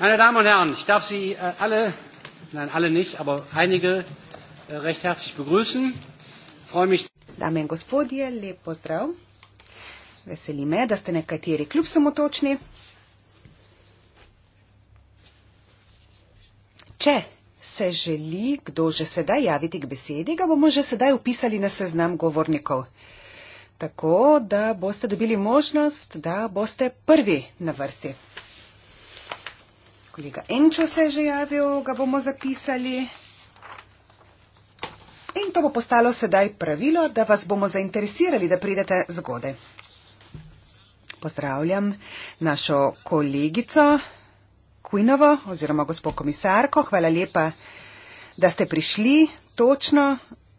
Meine Damen und Herren, ich darf Sie äh, alle, nein, alle nicht, aber einige äh, recht herzlich begrüßen. Ich freue mich. Damen gospodje, lep pozdrav. Veseli me, da ste nekateri kljub samotočni. Če se želi kdo že sedaj javiti k besedi, ga bomo že sedaj upisali na seznam govornikov. Tako da boste dobili možnost, da boste prvi na vrsti. Kolega Enčo se je že javil, ga bomo zapisali. In to bo postalo sedaj pravilo, da vas bomo zainteresirali, da pridete zgode. Pozdravljam našo kolegico Kujnovo oziroma gospod komisarko. Hvala lepa, da ste prišli točno,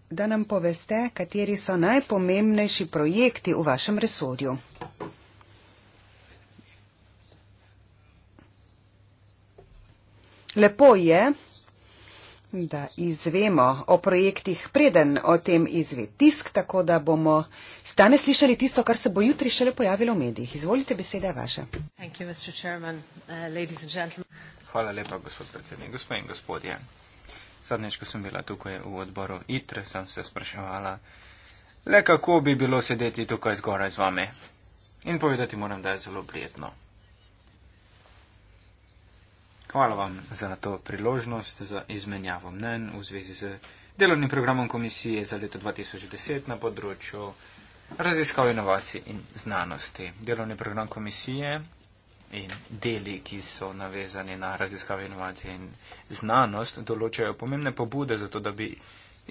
da nam poveste, kateri so najpomembnejši projekti v vašem resorju. Lepo je, da izvemo o projektih preden o tem izve tisk, tako da bomo stane slišali tisto, kar se bo jutri šele pojavilo v medijih. Izvolite, beseda je vaša. Uh, Hvala lepa, gospod predsednik, gospod in gospodje. Zadnjič, ko sem bila tukaj v odboru ITRE, sem se spraševala, le kako bi bilo sedeti tukaj zgoraj z vami. In povedati moram, da je zelo prijetno. Hvala vam za to priložnost za izmenjavo mnen v zvezi z delovnim programom komisije za leto 2010 na področju raziskav inovacij in znanosti. Delovni program komisije in deli, ki so navezani na raziskave inovacije in znanost, določajo pomembne pobude za to, da bi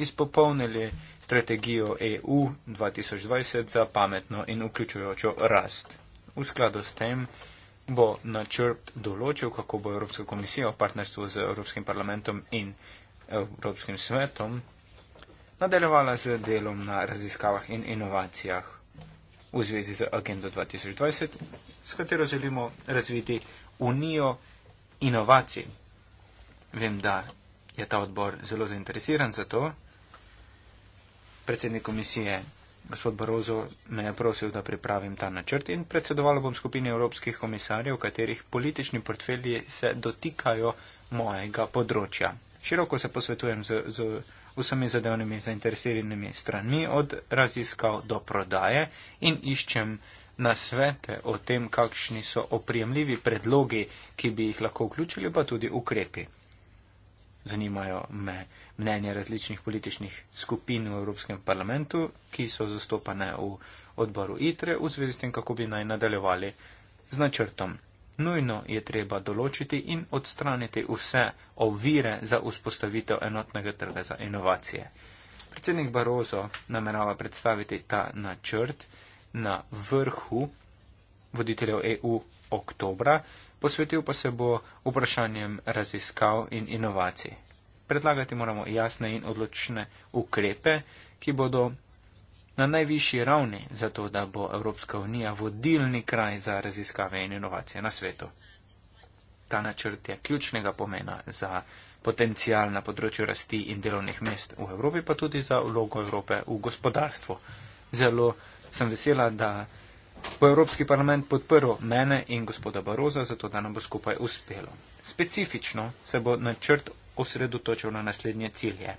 izpopolnili strategijo EU 2020 za pametno in vključujočo rast. V skladu s tem, bo načrt določil, kako bo Evropska komisija v partnerstvu z Evropskim parlamentom in Evropskim svetom nadaljevala z delom na raziskavah in inovacijah v zvezi z agendo 2020, s katero želimo razviti unijo inovacij. Vem, da je ta odbor zelo zainteresiran za to. Predsednik komisije gospod Barozo me je prosil, da pripravim ta načrt in predsedovala bom skupini evropskih komisarjev, katerih politični portfelji se dotikajo mojega področja. Široko se posvetujem z, z vsemi zadevnimi zainteresiranimi stranmi, od raziskav do prodaje in iščem nasvete o tem, kakšni so oprijemljivi predlogi, ki bi jih lahko vključili, pa tudi ukrepi. Zanimajo me mnenje različnih političnih skupin v Evropskem parlamentu, ki so zastopane v odboru ITRE v zvezi s tem, kako bi naj nadaljevali z načrtom. Nujno je treba določiti in odstraniti vse ovire za vzpostavitev enotnega trga za inovacije. Predsednik Barozo namerava predstaviti ta načrt na vrhu voditeljev EU oktobra, posvetil pa se bo vprašanjem raziskav in inovacij predlagati moramo jasne in odločne ukrepe, ki bodo na najvišji ravni za to, da bo Evropska unija vodilni kraj za raziskave in inovacije na svetu. Ta načrt je ključnega pomena za potencijal na področju rasti in delovnih mest v Evropi, pa tudi za vlogo Evrope v gospodarstvu. Zelo sem vesela, da bo Evropski parlament podprl mene in gospoda Baroza, zato da nam bo skupaj uspelo. Specifično se bo načrt osredotočil na naslednje cilje.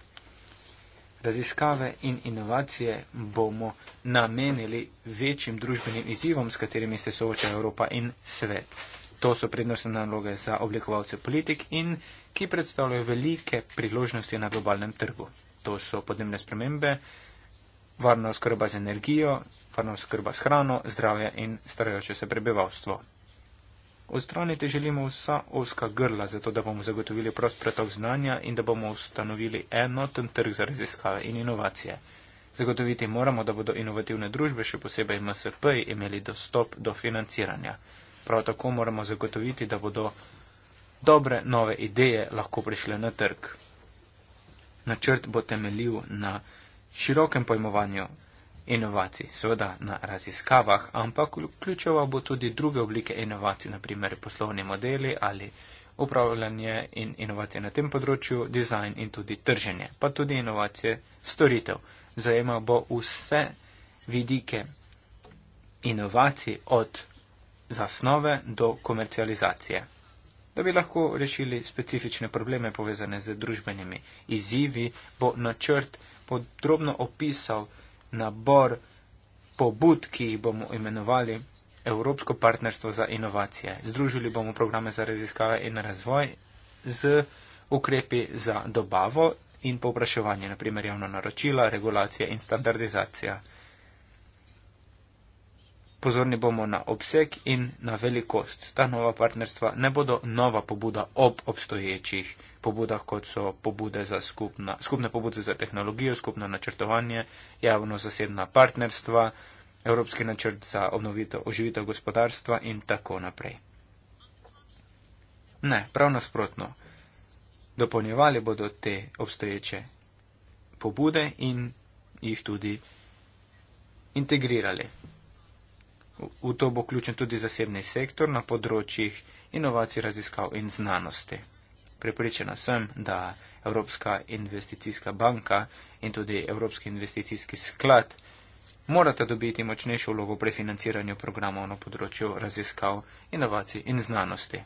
Raziskave in inovacije bomo namenili večjim družbenim izzivom, s katerimi se sooča Evropa in svet. To so prednostne naloge za oblikovalce politik in ki predstavljajo velike priložnosti na globalnem trgu. To so podnebne spremembe, varna oskrba z energijo, varna oskrba s hrano, zdravje in starajoče se prebivalstvo. Odstraniti želimo vsa oska grla, zato da bomo zagotovili prost pretok znanja in da bomo ustanovili enoten trg za raziskave in inovacije. Zagotoviti moramo, da bodo inovativne družbe, še posebej MSP, imeli dostop do financiranja. Prav tako moramo zagotoviti, da bodo dobre nove ideje lahko prišle na trg. Načrt bo temeljil na širokem pojmovanju inovacij, seveda na raziskavah, ampak vključeval bo tudi druge oblike inovacij, naprimer poslovni modeli ali upravljanje in inovacije na tem področju, dizajn in tudi trženje, pa tudi inovacije storitev. Zajema bo vse vidike inovacij od zasnove do komercializacije. Da bi lahko rešili specifične probleme povezane z družbenimi izzivi, bo načrt podrobno opisal nabor pobud, ki jih bomo imenovali Evropsko partnerstvo za inovacije. Združili bomo programe za raziskave in razvoj z ukrepi za dobavo in povpraševanje, naprimer javna naročila, regulacija in standardizacija. Pozorni bomo na obseg in na velikost. Ta nova partnerstva ne bodo nova pobuda ob obstoječih pobudah, kot so pobude za skupna, skupne pobude za tehnologijo, skupno načrtovanje, javno-zasebna partnerstva, evropski načrt za obnovitev, oživitev gospodarstva in tako naprej. Ne, prav nasprotno. Dopolnjevali bodo te obstoječe pobude in jih tudi integrirali. V to bo vključen tudi zasebni sektor na področjih inovacij, raziskav in znanosti. Prepričana sem, da Evropska investicijska banka in tudi Evropski investicijski sklad morata dobiti močnejšo vlogo pri financiranju programov na področju raziskav, inovacij in znanosti.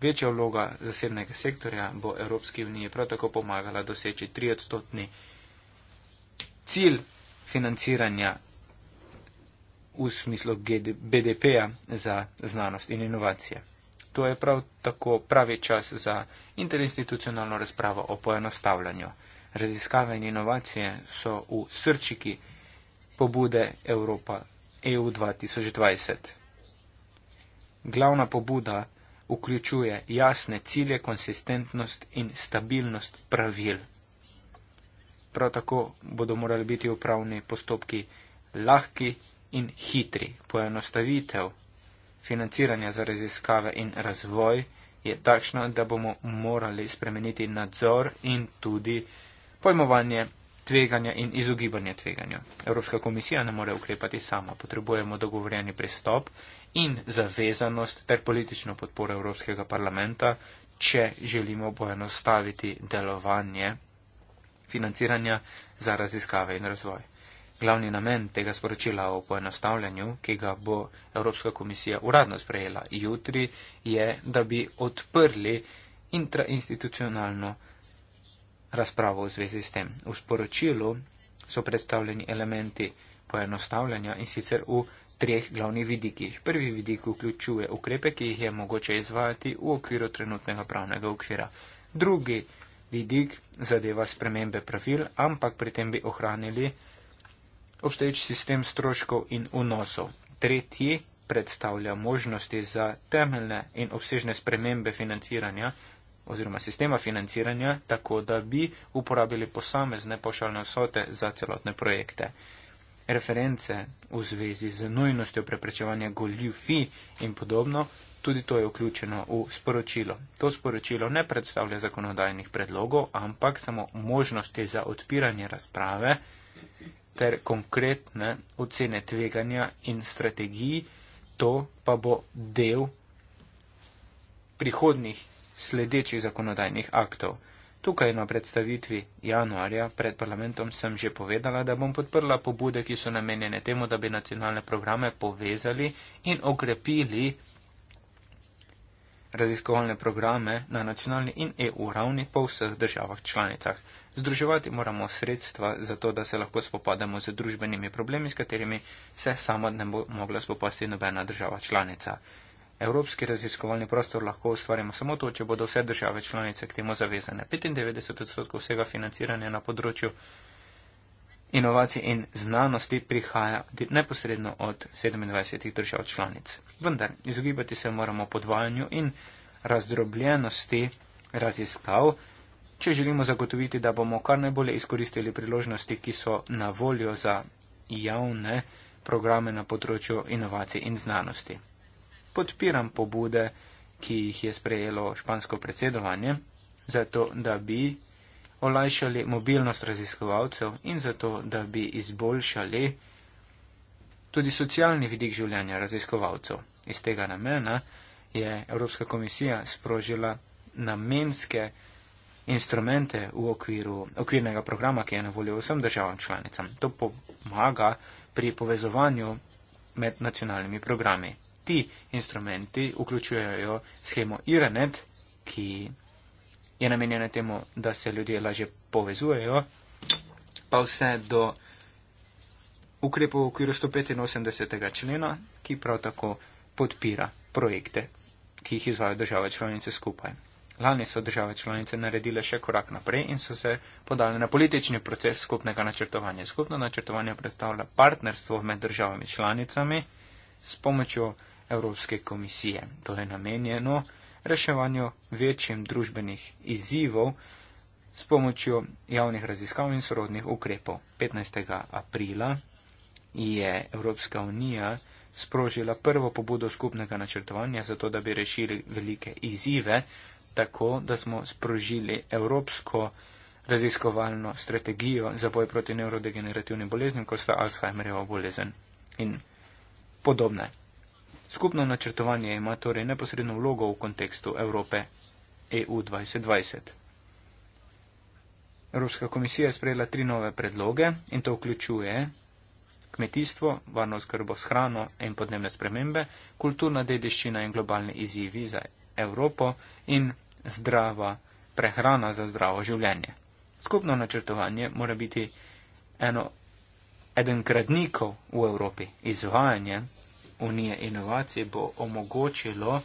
Večja vloga zasebnega sektorja bo Evropski uniji prav tako pomagala doseči 3-odstotni cilj financiranja v smislu GD BDP-ja za znanost in inovacije to je prav tako pravi čas za interinstitucionalno razpravo o poenostavljanju. Raziskave in inovacije so v srčiki pobude Evropa EU 2020. Glavna pobuda vključuje jasne cilje, konsistentnost in stabilnost pravil. Prav tako bodo morali biti upravni postopki lahki in hitri. Poenostavitev financiranja za raziskave in razvoj je takšno, da bomo morali spremeniti nadzor in tudi pojmovanje tveganja in izogibanje tveganju. Evropska komisija ne more ukrepati sama, potrebujemo dogovorjeni pristop in zavezanost ter politično podporo Evropskega parlamenta, če želimo poenostaviti delovanje financiranja za raziskave in razvoj glavni namen tega sporočila o poenostavljanju, ki ga bo Evropska komisija uradno sprejela jutri, je, da bi odprli intrainstitucionalno razpravo v zvezi s tem. V sporočilu so predstavljeni elementi poenostavljanja in sicer v treh glavnih vidikih. Prvi vidik vključuje ukrepe, ki jih je mogoče izvajati v okviru trenutnega pravnega okvira. Drugi vidik zadeva spremembe pravil, ampak pri tem bi ohranili obstoječ sistem stroškov in vnosov. Tretji predstavlja možnosti za temeljne in obsežne spremembe financiranja oziroma sistema financiranja, tako da bi uporabili posamezne pošaljne vsote za celotne projekte. Reference v zvezi z nujnostjo preprečevanja goljufi in podobno, tudi to je vključeno v sporočilo. To sporočilo ne predstavlja zakonodajnih predlogov, ampak samo možnosti za odpiranje razprave, ter konkretne ocene tveganja in strategiji, to pa bo del prihodnih sledečih zakonodajnih aktov. Tukaj na predstavitvi januarja pred parlamentom sem že povedala, da bom podprla pobude, ki so namenjene temu, da bi nacionalne programe povezali in okrepili raziskovalne programe na nacionalni in EU ravni po vseh državah članicah. Združevati moramo sredstva za to, da se lahko spopademo z družbenimi problemi, s katerimi se sama ne bo mogla spopasti nobena država članica. Evropski raziskovalni prostor lahko ustvarjamo samo to, če bodo vse države članice k temu zavezane. 95 odstotkov vsega financiranja na področju inovacij in znanosti prihaja neposredno od 27 držav članic. Vendar izogibati se moramo podvajanju in razdrobljenosti raziskav, če želimo zagotoviti, da bomo kar najbolje izkoristili priložnosti, ki so na voljo za javne programe na področju inovacij in znanosti. Podpiram pobude, ki jih je sprejelo špansko predsedovanje, zato da bi olajšali mobilnost raziskovalcev in zato, da bi izboljšali tudi socialni vidik življenja raziskovalcev. Iz tega namena je Evropska komisija sprožila namenske instrumente v okviru okvirnega programa, ki je na voljo vsem državam članicam. To pomaga pri povezovanju med nacionalnimi programi. Ti instrumenti vključujejo schemo IRANET, ki je namenjena temu, da se ljudje lažje povezujejo, pa vse do ukrepov v okviru 185. člena, ki prav tako podpira projekte, ki jih izvajo države članice skupaj. Lani so države članice naredile še korak naprej in so se podale na politični proces skupnega načrtovanja. Skupno načrtovanje predstavlja partnerstvo med državami članicami s pomočjo Evropske komisije. To je namenjeno reševanju večjim družbenih izzivov s pomočjo javnih raziskav in sorodnih ukrepov. 15. aprila je Evropska unija sprožila prvo pobudo skupnega načrtovanja za to, da bi rešili velike izzive, tako da smo sprožili evropsko raziskovalno strategijo za boj proti nevrodegenerativnim boleznim, kot sta Alzheimerjeva bolezen in podobne. Skupno načrtovanje ima torej neposredno vlogo v kontekstu Evrope EU 2020. Evropska komisija je sprejela tri nove predloge in to vključuje kmetijstvo, varno skrbo s hrano in podnebne spremembe, kulturna dediščina in globalni izzivi za Evropo in zdrava prehrana za zdravo življenje. Skupno načrtovanje mora biti eno, eden gradnikov v Evropi, izvajanje unije inovacij bo omogočilo,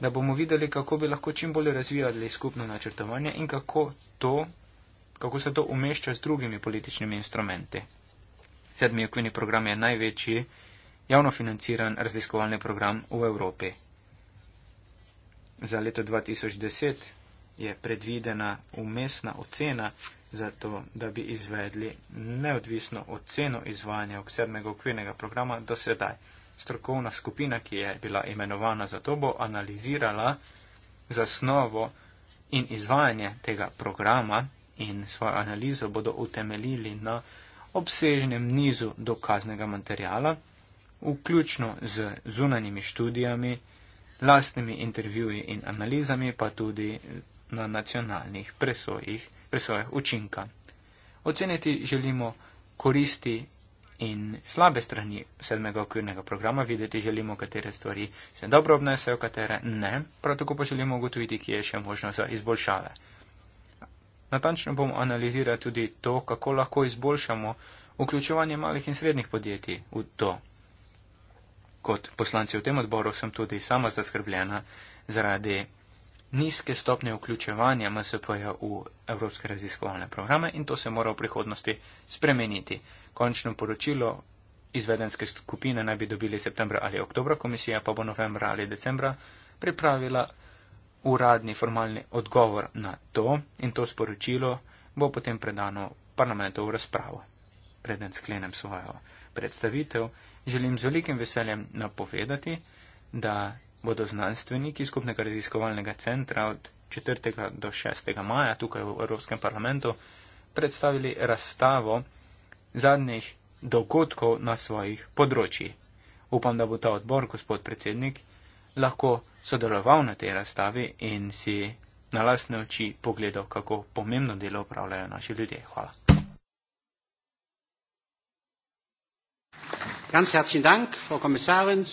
da bomo videli, kako bi lahko čim bolje razvijali skupno načrtovanje in kako, to, kako se to umešča z drugimi političnimi instrumenti. Sedmi okvirni program je največji javno financiran raziskovalni program v Evropi. Za leto 2010 je predvidena umestna ocena za to, da bi izvedli neodvisno oceno izvajanja sedmega okvirnega programa do sedaj. Strokovna skupina, ki je bila imenovana za to, bo analizirala zasnovo in izvajanje tega programa in svojo analizo bodo utemeljili na obsežnem nizu dokaznega materijala, vključno z zunanjimi študijami, lastnimi intervjuji in analizami, pa tudi na nacionalnih presojih, presojah učinka. Oceniti želimo koristi in slabe strani sedmega okvirnega programa, videti želimo, katere stvari se dobro obnesejo, katere ne, prav tako pa želimo ugotoviti, kje je še možno za izboljšave. Natančno bomo analizirali tudi to, kako lahko izboljšamo vključevanje malih in srednjih podjetij v to. Kot poslanci v tem odboru sem tudi sama zaskrbljena zaradi nizke stopnje vključevanja MSP-ja v evropske raziskovalne programe in to se mora v prihodnosti spremeniti. Končno poročilo izvedenske skupine naj bi dobili septembra ali oktobra, komisija pa bo novembra ali decembra pripravila uradni formalni odgovor na to in to sporočilo bo potem predano parlamentu v razpravo. Preden sklenem svojo predstavitev, želim z velikim veseljem napovedati, da bodo znanstveniki skupnega raziskovalnega centra od 4. do 6. maja tukaj v Evropskem parlamentu predstavili razstavo zadnjih dogodkov na svojih področjih. Upam, da bo ta odbor, gospod predsednik, lahko sodeloval na tej razstavi in si na lasne oči pogledal, kako pomembno delo upravljajo naši ljudje. Hvala. Ganz herzlichen Dank, Frau Kommissarin.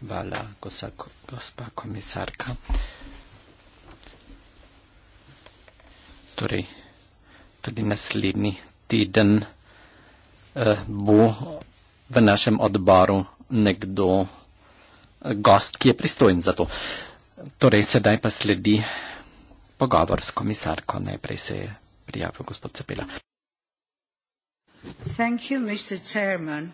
Hvala, gospa komisarka. Torej, tudi naslednji teden eh, bo v našem odboru nekdo eh, gost, ki je pristojen za to. Torej, sedaj pa sledi pogovor s komisarko. Najprej se je prijavil gospod Cepela. Thank you, Mr. Chairman.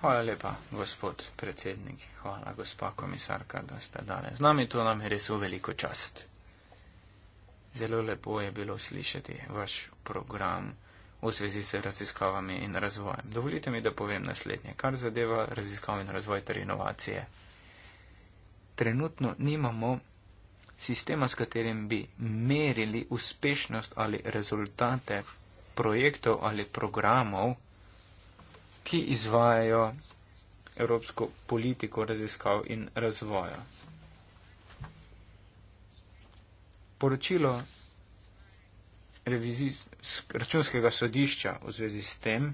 Hvala lepa, gospod predsednik. Hvala, gospa komisarka, da ste danes z nami. To nam je res v veliko čast. Zelo lepo je bilo slišati vaš program v svezi s raziskavami in razvojem. Dovolite mi, da povem naslednje, kar zadeva raziskav in razvoj ter inovacije. Trenutno nimamo sistema, s katerim bi merili uspešnost ali rezultate projektov ali programov, ki izvajajo evropsko politiko raziskav in razvoja. Poročilo računskega sodišča v zvezi s tem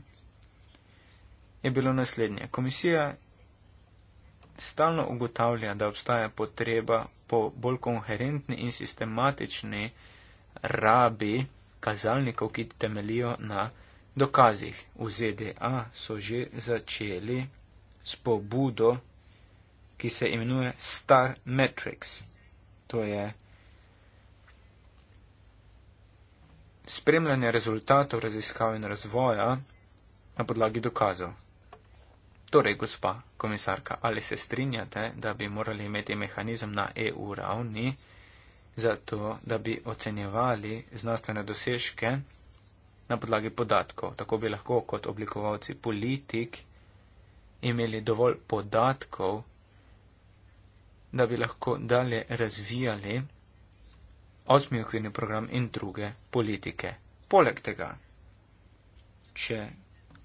je bilo naslednje. Komisija stalno ugotavlja, da obstaja potreba po bolj koherentni in sistematični rabi kazalnikov, ki temelijo na dokazih. V ZDA so že začeli s pobudo, ki se imenuje Star Metrics. To je spremljanje rezultatov raziskav in razvoja na podlagi dokazov. Torej, gospa komisarka, ali se strinjate, da bi morali imeti mehanizem na EU ravni, zato da bi ocenjevali znanstvene dosežke na podlagi podatkov. Tako bi lahko kot oblikovalci politik imeli dovolj podatkov, da bi lahko dalje razvijali osmi okvirni program in druge politike. Poleg tega, če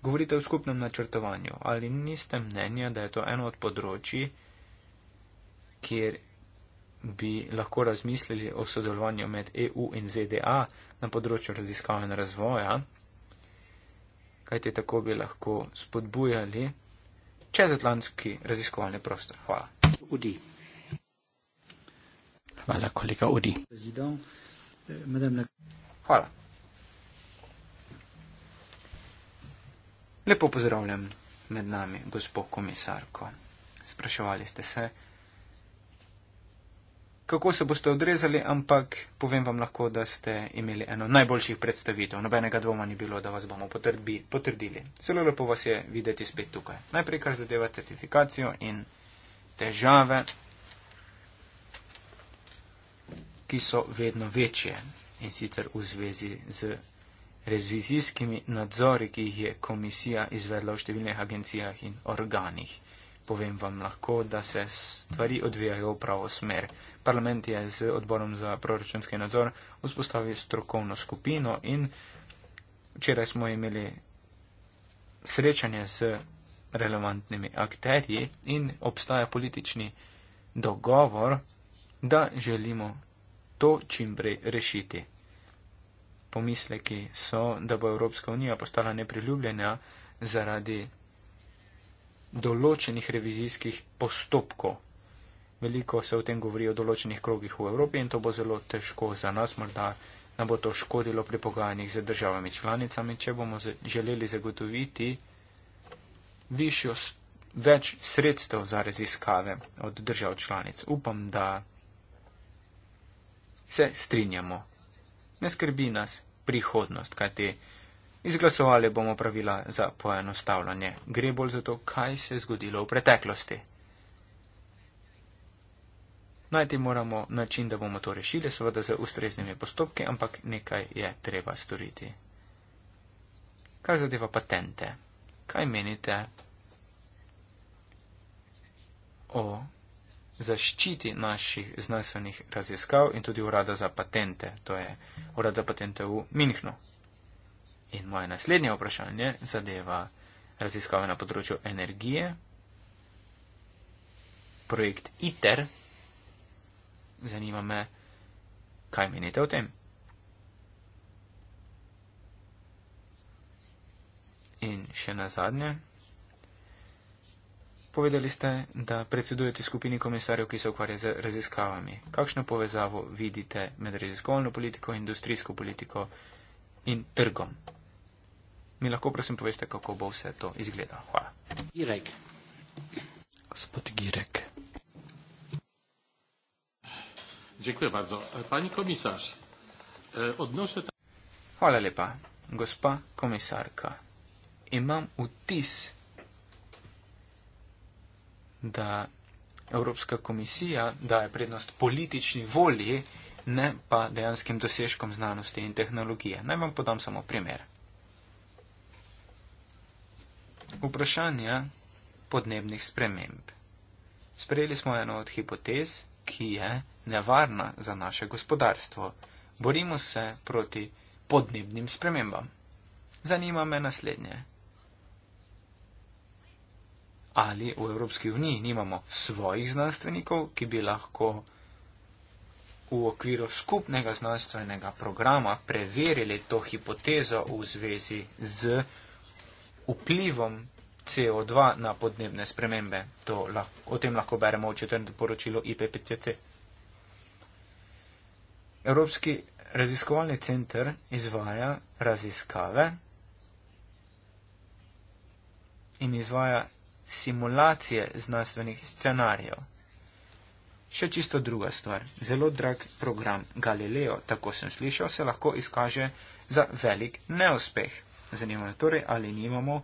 govorite o skupnem načrtovanju, ali niste mnenja, da je to eno od področji, kjer bi lahko razmislili o sodelovanju med EU in ZDA na področju raziskav in razvoja, kajte tako bi lahko spodbujali čezatlantski raziskovalni prostor. Hvala. Udi. Hvala, kolega Udi. Eh, Hvala. Lepo pozdravljam med nami, gospod komisarko. Spraševali ste se, kako se boste odrezali, ampak povem vam lahko, da ste imeli eno najboljših predstavitev. Nobenega dvoma ni bilo, da vas bomo potrbi, potrdili. Celo lepo vas je videti spet tukaj. Najprej, kar zadeva certifikacijo in težave, ki so vedno večje in sicer v zvezi z revizijskimi nadzori, ki jih je komisija izvedla v številnih agencijah in organih povem vam lahko, da se stvari odvijajo v pravo smer. Parlament je z odborom za proračunski nadzor vzpostavil strokovno skupino in včeraj smo imeli srečanje z relevantnimi akterji in obstaja politični dogovor, da želimo to čimprej rešiti. Pomisleki so, da bo Evropska unija postala nepriljubljena zaradi določenih revizijskih postopkov. Veliko se o tem govori o določenih krogih v Evropi in to bo zelo težko za nas, morda nam bo to škodilo pri pogajanjih z državami članicami, če bomo želeli zagotoviti višjo, več sredstev za raziskave od držav članic. Upam, da se strinjamo. Ne skrbi nas prihodnost, kajti. Izglasovali bomo pravila za poenostavljanje. Gre bolj za to, kaj se je zgodilo v preteklosti. Najti moramo način, da bomo to rešili, seveda z ustreznimi postopki, ampak nekaj je treba storiti. Kar zadeva patente, kaj menite o zaščiti naših znanstvenih raziskav in tudi urada za patente, to je urada za patente v Minhnu. In moje naslednje vprašanje zadeva raziskave na področju energije, projekt ITER. Zanima me, kaj menite o tem. In še na zadnje. Povedali ste, da predsedujete skupini komisarjev, ki se ukvarja z raziskavami. Kakšno povezavo vidite med raziskovalno politiko, industrijsko politiko in trgom? Mi lahko prosim poveste, kako bo vse to izgledalo. Hvala. Girek. Gospod Girek. Dziękuję bardzo. Pani komisarz, e, odnoszę. Ta... Hvala lepa, gospa komisarka. Imam vtis, da Evropska komisija daje prednost politični volji, ne pa dejanskim dosežkom znanosti in tehnologije. Naj vam podam samo primer vprašanja podnebnih sprememb. Sprejeli smo eno od hipotez, ki je nevarna za naše gospodarstvo. Borimo se proti podnebnim spremembam. Zanima me naslednje. Ali v Evropski uniji nimamo svojih znanstvenikov, ki bi lahko v okviru skupnega znanstvenega programa preverili to hipotezo v zvezi z vplivom CO2 na podnebne spremembe. To lahko, o tem lahko beremo v četrtem poročilu IPPCC. Evropski raziskovalni center izvaja raziskave in izvaja simulacije znanstvenih scenarijev. Še čisto druga stvar. Zelo drag program Galileo, tako sem slišal, se lahko izkaže za velik neuspeh zanimajo. Torej, ali nimamo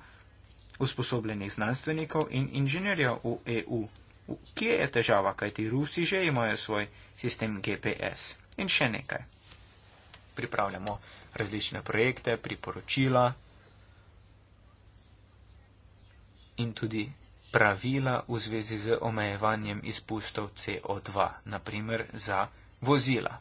usposobljenih znanstvenikov in inženirjev v EU? Kje je težava, kajti Rusi že imajo svoj sistem GPS? In še nekaj. Pripravljamo različne projekte, priporočila in tudi pravila v zvezi z omejevanjem izpustov CO2, naprimer za vozila.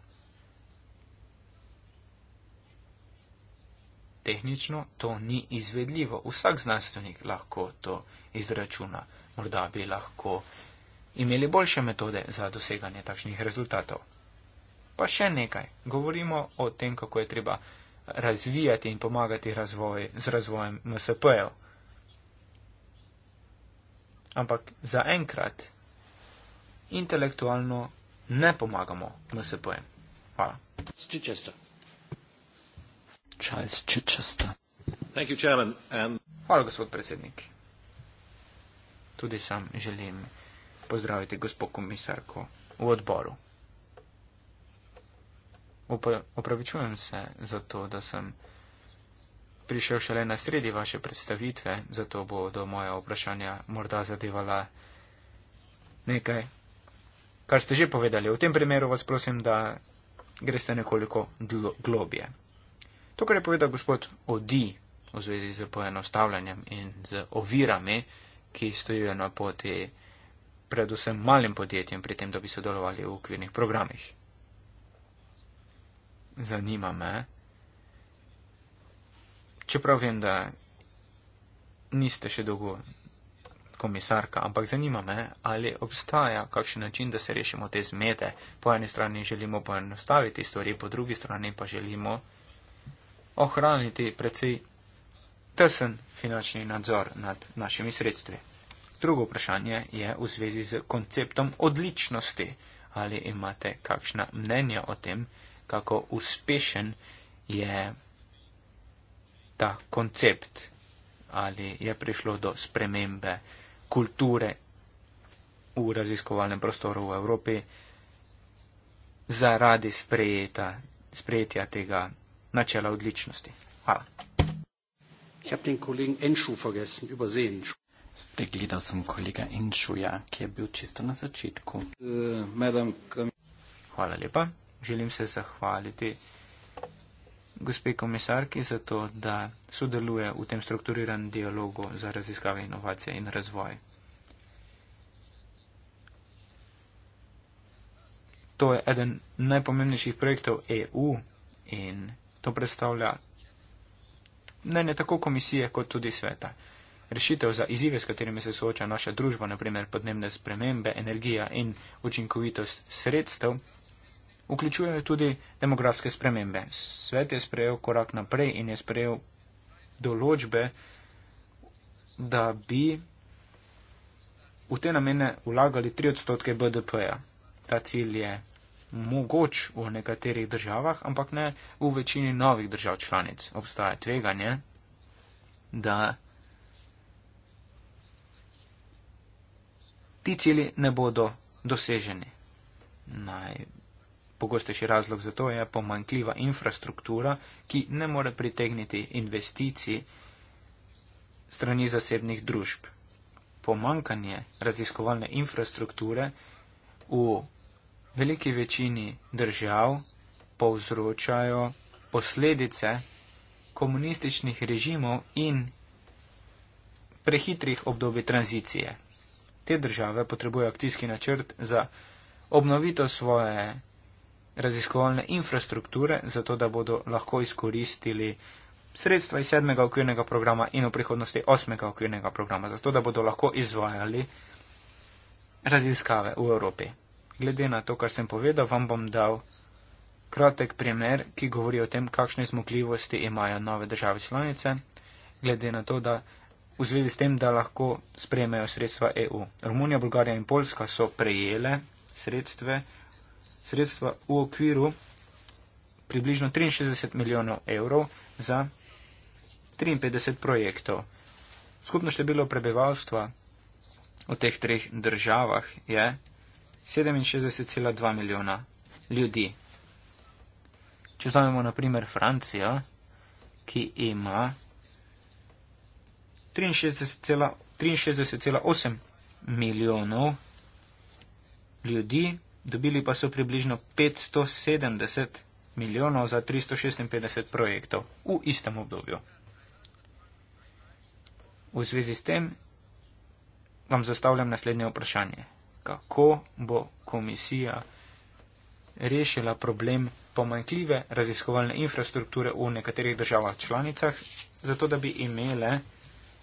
tehnično to ni izvedljivo. Vsak znanstvenik lahko to izračuna. Morda bi lahko imeli boljše metode za doseganje takšnih rezultatov. Pa še nekaj. Govorimo o tem, kako je treba razvijati in pomagati razvoj, z razvojem MSP-jev. Ampak zaenkrat intelektualno ne pomagamo MSP-jem. Hvala. Stičesto. Charles Chichester. Hvala, gospod predsednik. Tudi sam želim pozdraviti gospod komisarko v odboru. Opravičujem se za to, da sem prišel šele na sredi vaše predstavitve, zato bo do moja vprašanja morda zadevala nekaj, kar ste že povedali. V tem primeru vas prosim, da greste nekoliko globje. To, kar je povedal gospod Odi v zvezi z poenostavljanjem in z ovirami, ki stojijo na poti predvsem malim podjetjem pri tem, da bi sodelovali v okvirnih programih. Zanima me, čeprav vem, da niste še dolgo komisarka, ampak zanima me, ali obstaja kakšen način, da se rešimo te zmede. Po eni strani želimo poenostaviti stvari, po drugi strani pa želimo ohraniti precej tesen finančni nadzor nad našimi sredstvi. Drugo vprašanje je v zvezi z konceptom odličnosti. Ali imate kakšna mnenja o tem, kako uspešen je ta koncept? Ali je prišlo do spremembe kulture v raziskovalnem prostoru v Evropi zaradi sprejeta, sprejetja tega načela odličnosti. Hvala. Spregledal sem kolega Enšuja, ki je bil čisto na začetku. Eh, Hvala lepa. Želim se zahvaliti gospe komisarki za to, da sodeluje v tem strukturiranem dialogu za raziskave, inovacije in razvoj. To je eden najpomembnejših projektov EU in To predstavlja mnenje tako komisije, kot tudi sveta. Rešitev za izzive, s katerimi se sooča naša družba, naprimer podnebne spremembe, energija in učinkovitost sredstev, vključujejo tudi demografske spremembe. Svet je sprejel korak naprej in je sprejel določbe, da bi v te namene vlagali 3 odstotke BDP-ja. Ta cilj je mogoč v nekaterih državah, ampak ne v večini novih držav članic. Obstaja tveganje, da ti cili ne bodo doseženi. Najpogostejši razlog za to je pomankljiva infrastruktura, ki ne more pritegniti investicij strani zasebnih družb. Pomankanje raziskovalne infrastrukture v veliki večini držav povzročajo posledice komunističnih režimov in prehitrih obdobij tranzicije. Te države potrebujejo akcijski načrt za obnovitev svoje raziskovalne infrastrukture, zato da bodo lahko izkoristili sredstva iz sedmega okvirnega programa in v prihodnosti osmega okvirnega programa, zato da bodo lahko izvajali raziskave v Evropi glede na to, kar sem povedal, vam bom dal kratek primer, ki govori o tem, kakšne zmogljivosti imajo nove države članice, glede na to, da v zvezi s tem, da lahko sprejmejo sredstva EU. Romunija, Bulgarija in Poljska so prejele sredstve, sredstva v okviru približno 63 milijonov evrov za 53 projektov. Skupno število prebivalstva v teh treh državah je 67,2 milijona ljudi. Če vzamemo na primer Francijo, ki ima 63,8 milijonov ljudi, dobili pa so približno 570 milijonov za 356 projektov v istem obdobju. V zvezi s tem vam zastavljam naslednje vprašanje kako bo komisija rešila problem pomankljive raziskovalne infrastrukture v nekaterih državah članicah, zato da bi imele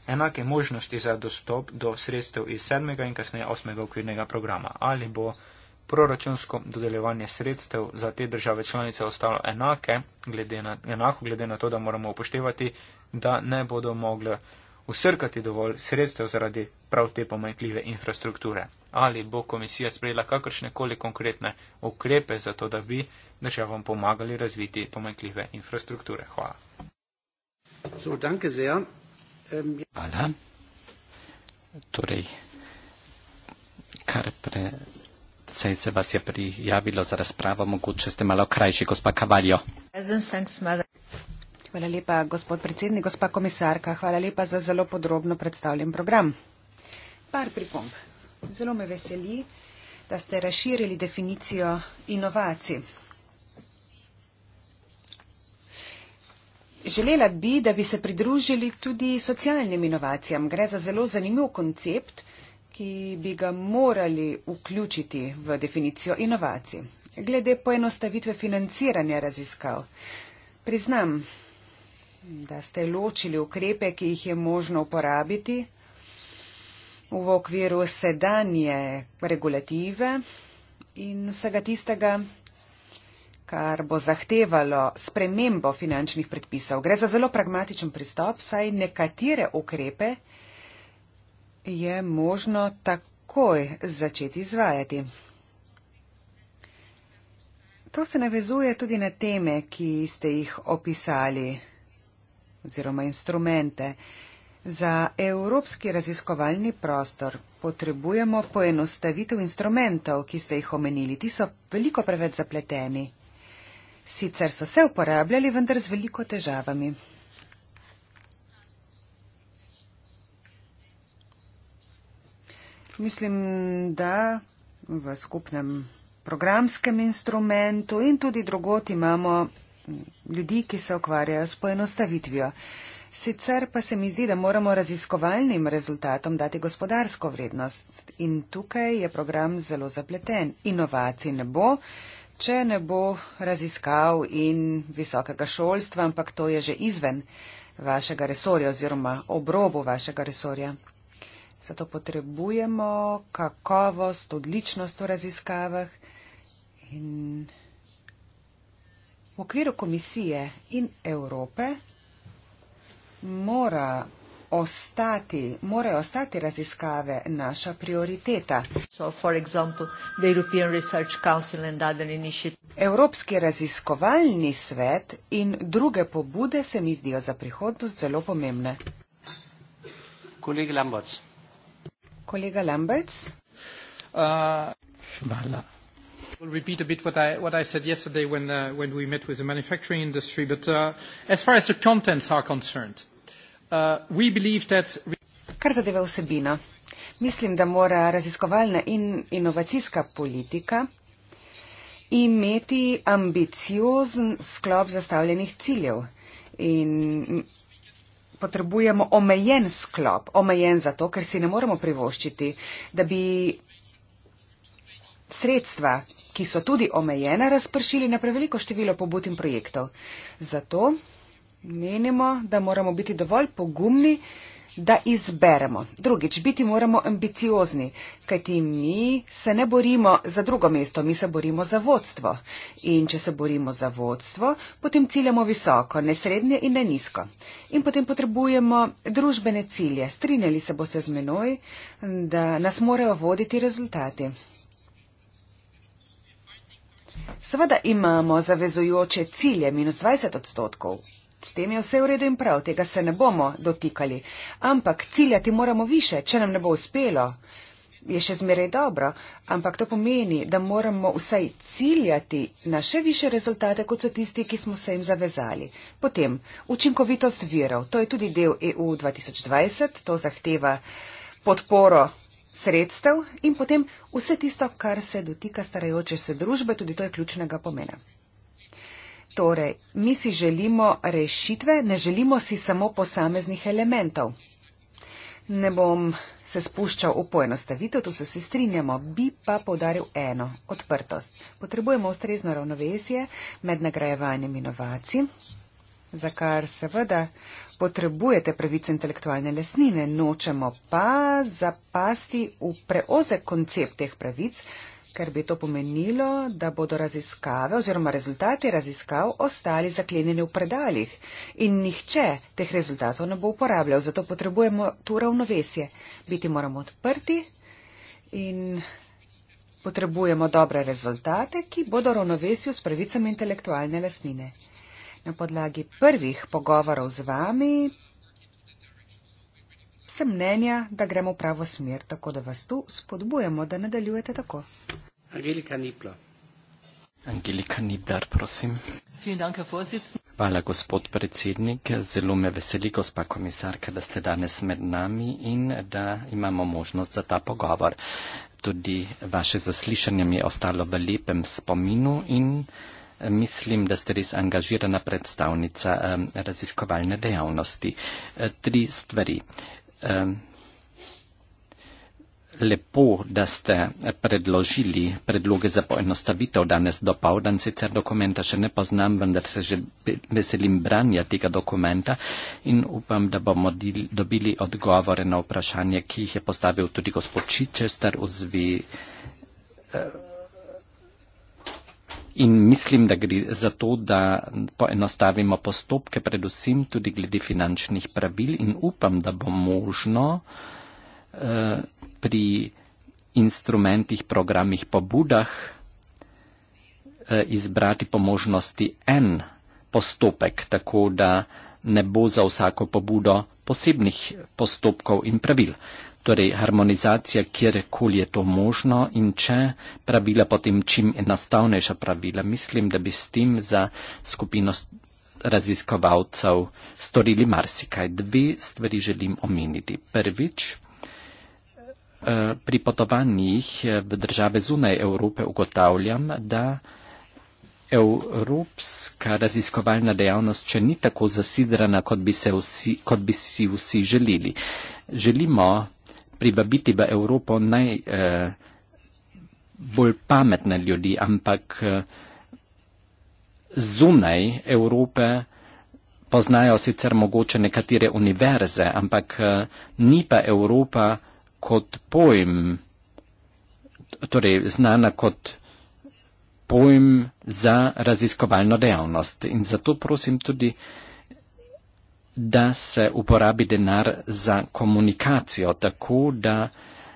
enake možnosti za dostop do sredstev iz sedmega in kasneje osmega okvirnega programa. Ali bo proračunsko dodeljevanje sredstev za te države članice ostalo enake, glede na, enako, glede na to, da moramo upoštevati, da ne bodo mogle usrkati dovolj sredstev zaradi prav te pomankljive infrastrukture ali bo komisija sprejela kakršne koli konkretne ukrepe za to, da bi državam pomagali razviti pomankljive infrastrukture. Hvala. So, um, ja. Hvala. Torej, kar precej se vas je prijavilo za razpravo, mogoče ste malo krajši, gospa Kavaljo. Hvala lepa, gospod predsednik, gospa komisarka. Hvala lepa za zelo podrobno predstavljen program. Par pripomb. Zelo me veseli, da ste razširili definicijo inovacij. Želela bi, da bi se pridružili tudi socialnim inovacijam. Gre za zelo zanimiv koncept, ki bi ga morali vključiti v definicijo inovacij. Glede poenostavitve financiranja raziskav. Priznam, da ste ločili ukrepe, ki jih je možno uporabiti v okviru sedanje regulative in vsega tistega, kar bo zahtevalo spremembo finančnih predpisov. Gre za zelo pragmatičen pristop, saj nekatere ukrepe je možno takoj začeti izvajati. To se navezuje tudi na teme, ki ste jih opisali oziroma instrumente. Za evropski raziskovalni prostor potrebujemo poenostavitev instrumentov, ki ste jih omenili. Ti so veliko preveč zapleteni. Sicer so se uporabljali, vendar z veliko težavami. Mislim, da v skupnem programskem instrumentu in tudi drugot imamo ljudi, ki se ukvarjajo s poenostavitvijo. Sicer pa se mi zdi, da moramo raziskovalnim rezultatom dati gospodarsko vrednost in tukaj je program zelo zapleten. Inovacij ne bo, če ne bo raziskav in visokega šolstva, ampak to je že izven vašega resorja oziroma obrobu vašega resorja. Zato potrebujemo kakovost, odličnost v raziskavah in v okviru komisije in Evrope mora ostati, morajo ostati raziskave naša prioriteta. So, example, Evropski raziskovalni svet in druge pobude se mi zdijo za prihodnost zelo pomembne. Kolega Lamberts. Kolega Lamberts. Uh, hvala will repeat a bit what I, what I said yesterday when, uh, when we met with the manufacturing industry, but uh, as far as the contents are concerned, uh, we believe that. Kar zadeva vsebino. Mislim, da mora raziskovalna in inovacijska politika imeti ambiciozen sklop zastavljenih ciljev. In potrebujemo omejen sklop, omejen zato, ker si ne moremo privoščiti, da bi sredstva, ki so tudi omejena, razpršili na preveliko število pobud in projektov. Zato menimo, da moramo biti dovolj pogumni, da izberemo. Drugič, biti moramo ambiciozni, kajti mi se ne borimo za drugo mesto, mi se borimo za vodstvo. In če se borimo za vodstvo, potem ciljamo visoko, ne srednje in ne nizko. In potem potrebujemo družbene cilje. Strinjali se boste z menoj, da nas morajo voditi rezultati. Seveda imamo zavezujoče cilje minus 20 odstotkov. S tem je vse v redu in prav, tega se ne bomo dotikali. Ampak ciljati moramo više, če nam ne bo uspelo. Je še zmeraj dobro, ampak to pomeni, da moramo vsaj ciljati na še više rezultate, kot so tisti, ki smo se jim zavezali. Potem, učinkovitost virov. To je tudi del EU 2020, to zahteva podporo sredstev in potem vse tisto, kar se dotika starajoče se družbe, tudi to je ključnega pomena. Torej, mi si želimo rešitve, ne želimo si samo posameznih elementov. Ne bom se spuščal v poenostavitev, to se vsi strinjamo, bi pa podaril eno, odprtost. Potrebujemo ustrezno ravnovesje med nagrajevanjem inovacij, za kar seveda potrebujete pravice intelektualne lesnine, nočemo pa zapasti v preozek koncept teh pravic, ker bi to pomenilo, da bodo raziskave oziroma rezultati raziskav ostali zaklenjeni v predaljih in nihče teh rezultatov ne bo uporabljal. Zato potrebujemo tu ravnovesje. Biti moramo odprti in. Potrebujemo dobre rezultate, ki bodo ravnovesju s pravicami intelektualne lastnine. Na podlagi prvih pogovorov z vami sem mnenja, da gremo v pravo smer, tako da vas tu spodbujamo, da nadaljujete tako. Angelika Nipla. Angelika Nibler, prosim. Hvala, gospod predsednik. Zelo me veseli, gospa komisarka, da ste danes med nami in da imamo možnost za ta pogovor. Tudi vaše zaslišanje mi je ostalo v lepem spominu in mislim, da ste res angažirana predstavnica raziskovalne dejavnosti. E, tri stvari. Lepo, da ste predložili predloge za poenostavitev danes do povdan, sicer dokumenta še ne poznam, vendar se že veselim branja tega dokumenta in upam, da bomo dobili odgovore na vprašanje, ki jih je postavil tudi gospod Čičestar v zvi. Uh, In mislim, da gre za to, da poenostavimo postopke, predvsem tudi glede finančnih pravil in upam, da bo možno eh, pri instrumentih, programih, pobudah eh, izbrati po možnosti en postopek, tako da ne bo za vsako pobudo posebnih postopkov in pravil. Torej, harmonizacija, kjer koli je to možno in če pravila potem čim enostavnejša pravila. Mislim, da bi s tem za skupino raziskovalcev storili marsikaj. Dve stvari želim omeniti. Prvič, eh, pri potovanjih eh, v države zunaj Evrope ugotavljam, da evropska raziskovalna dejavnost še ni tako zasidrana, kot bi, vsi, kot bi si vsi želeli. Želimo pribabiti v Evropo najbolj eh, pametne ljudi, ampak eh, zunaj Evrope poznajo sicer mogoče nekatere univerze, ampak eh, ni pa Evropa kot pojem, torej znana kot pojem za raziskovalno dejavnost. In zato prosim tudi, eh, da se uporabi denar za komunikacijo, tako da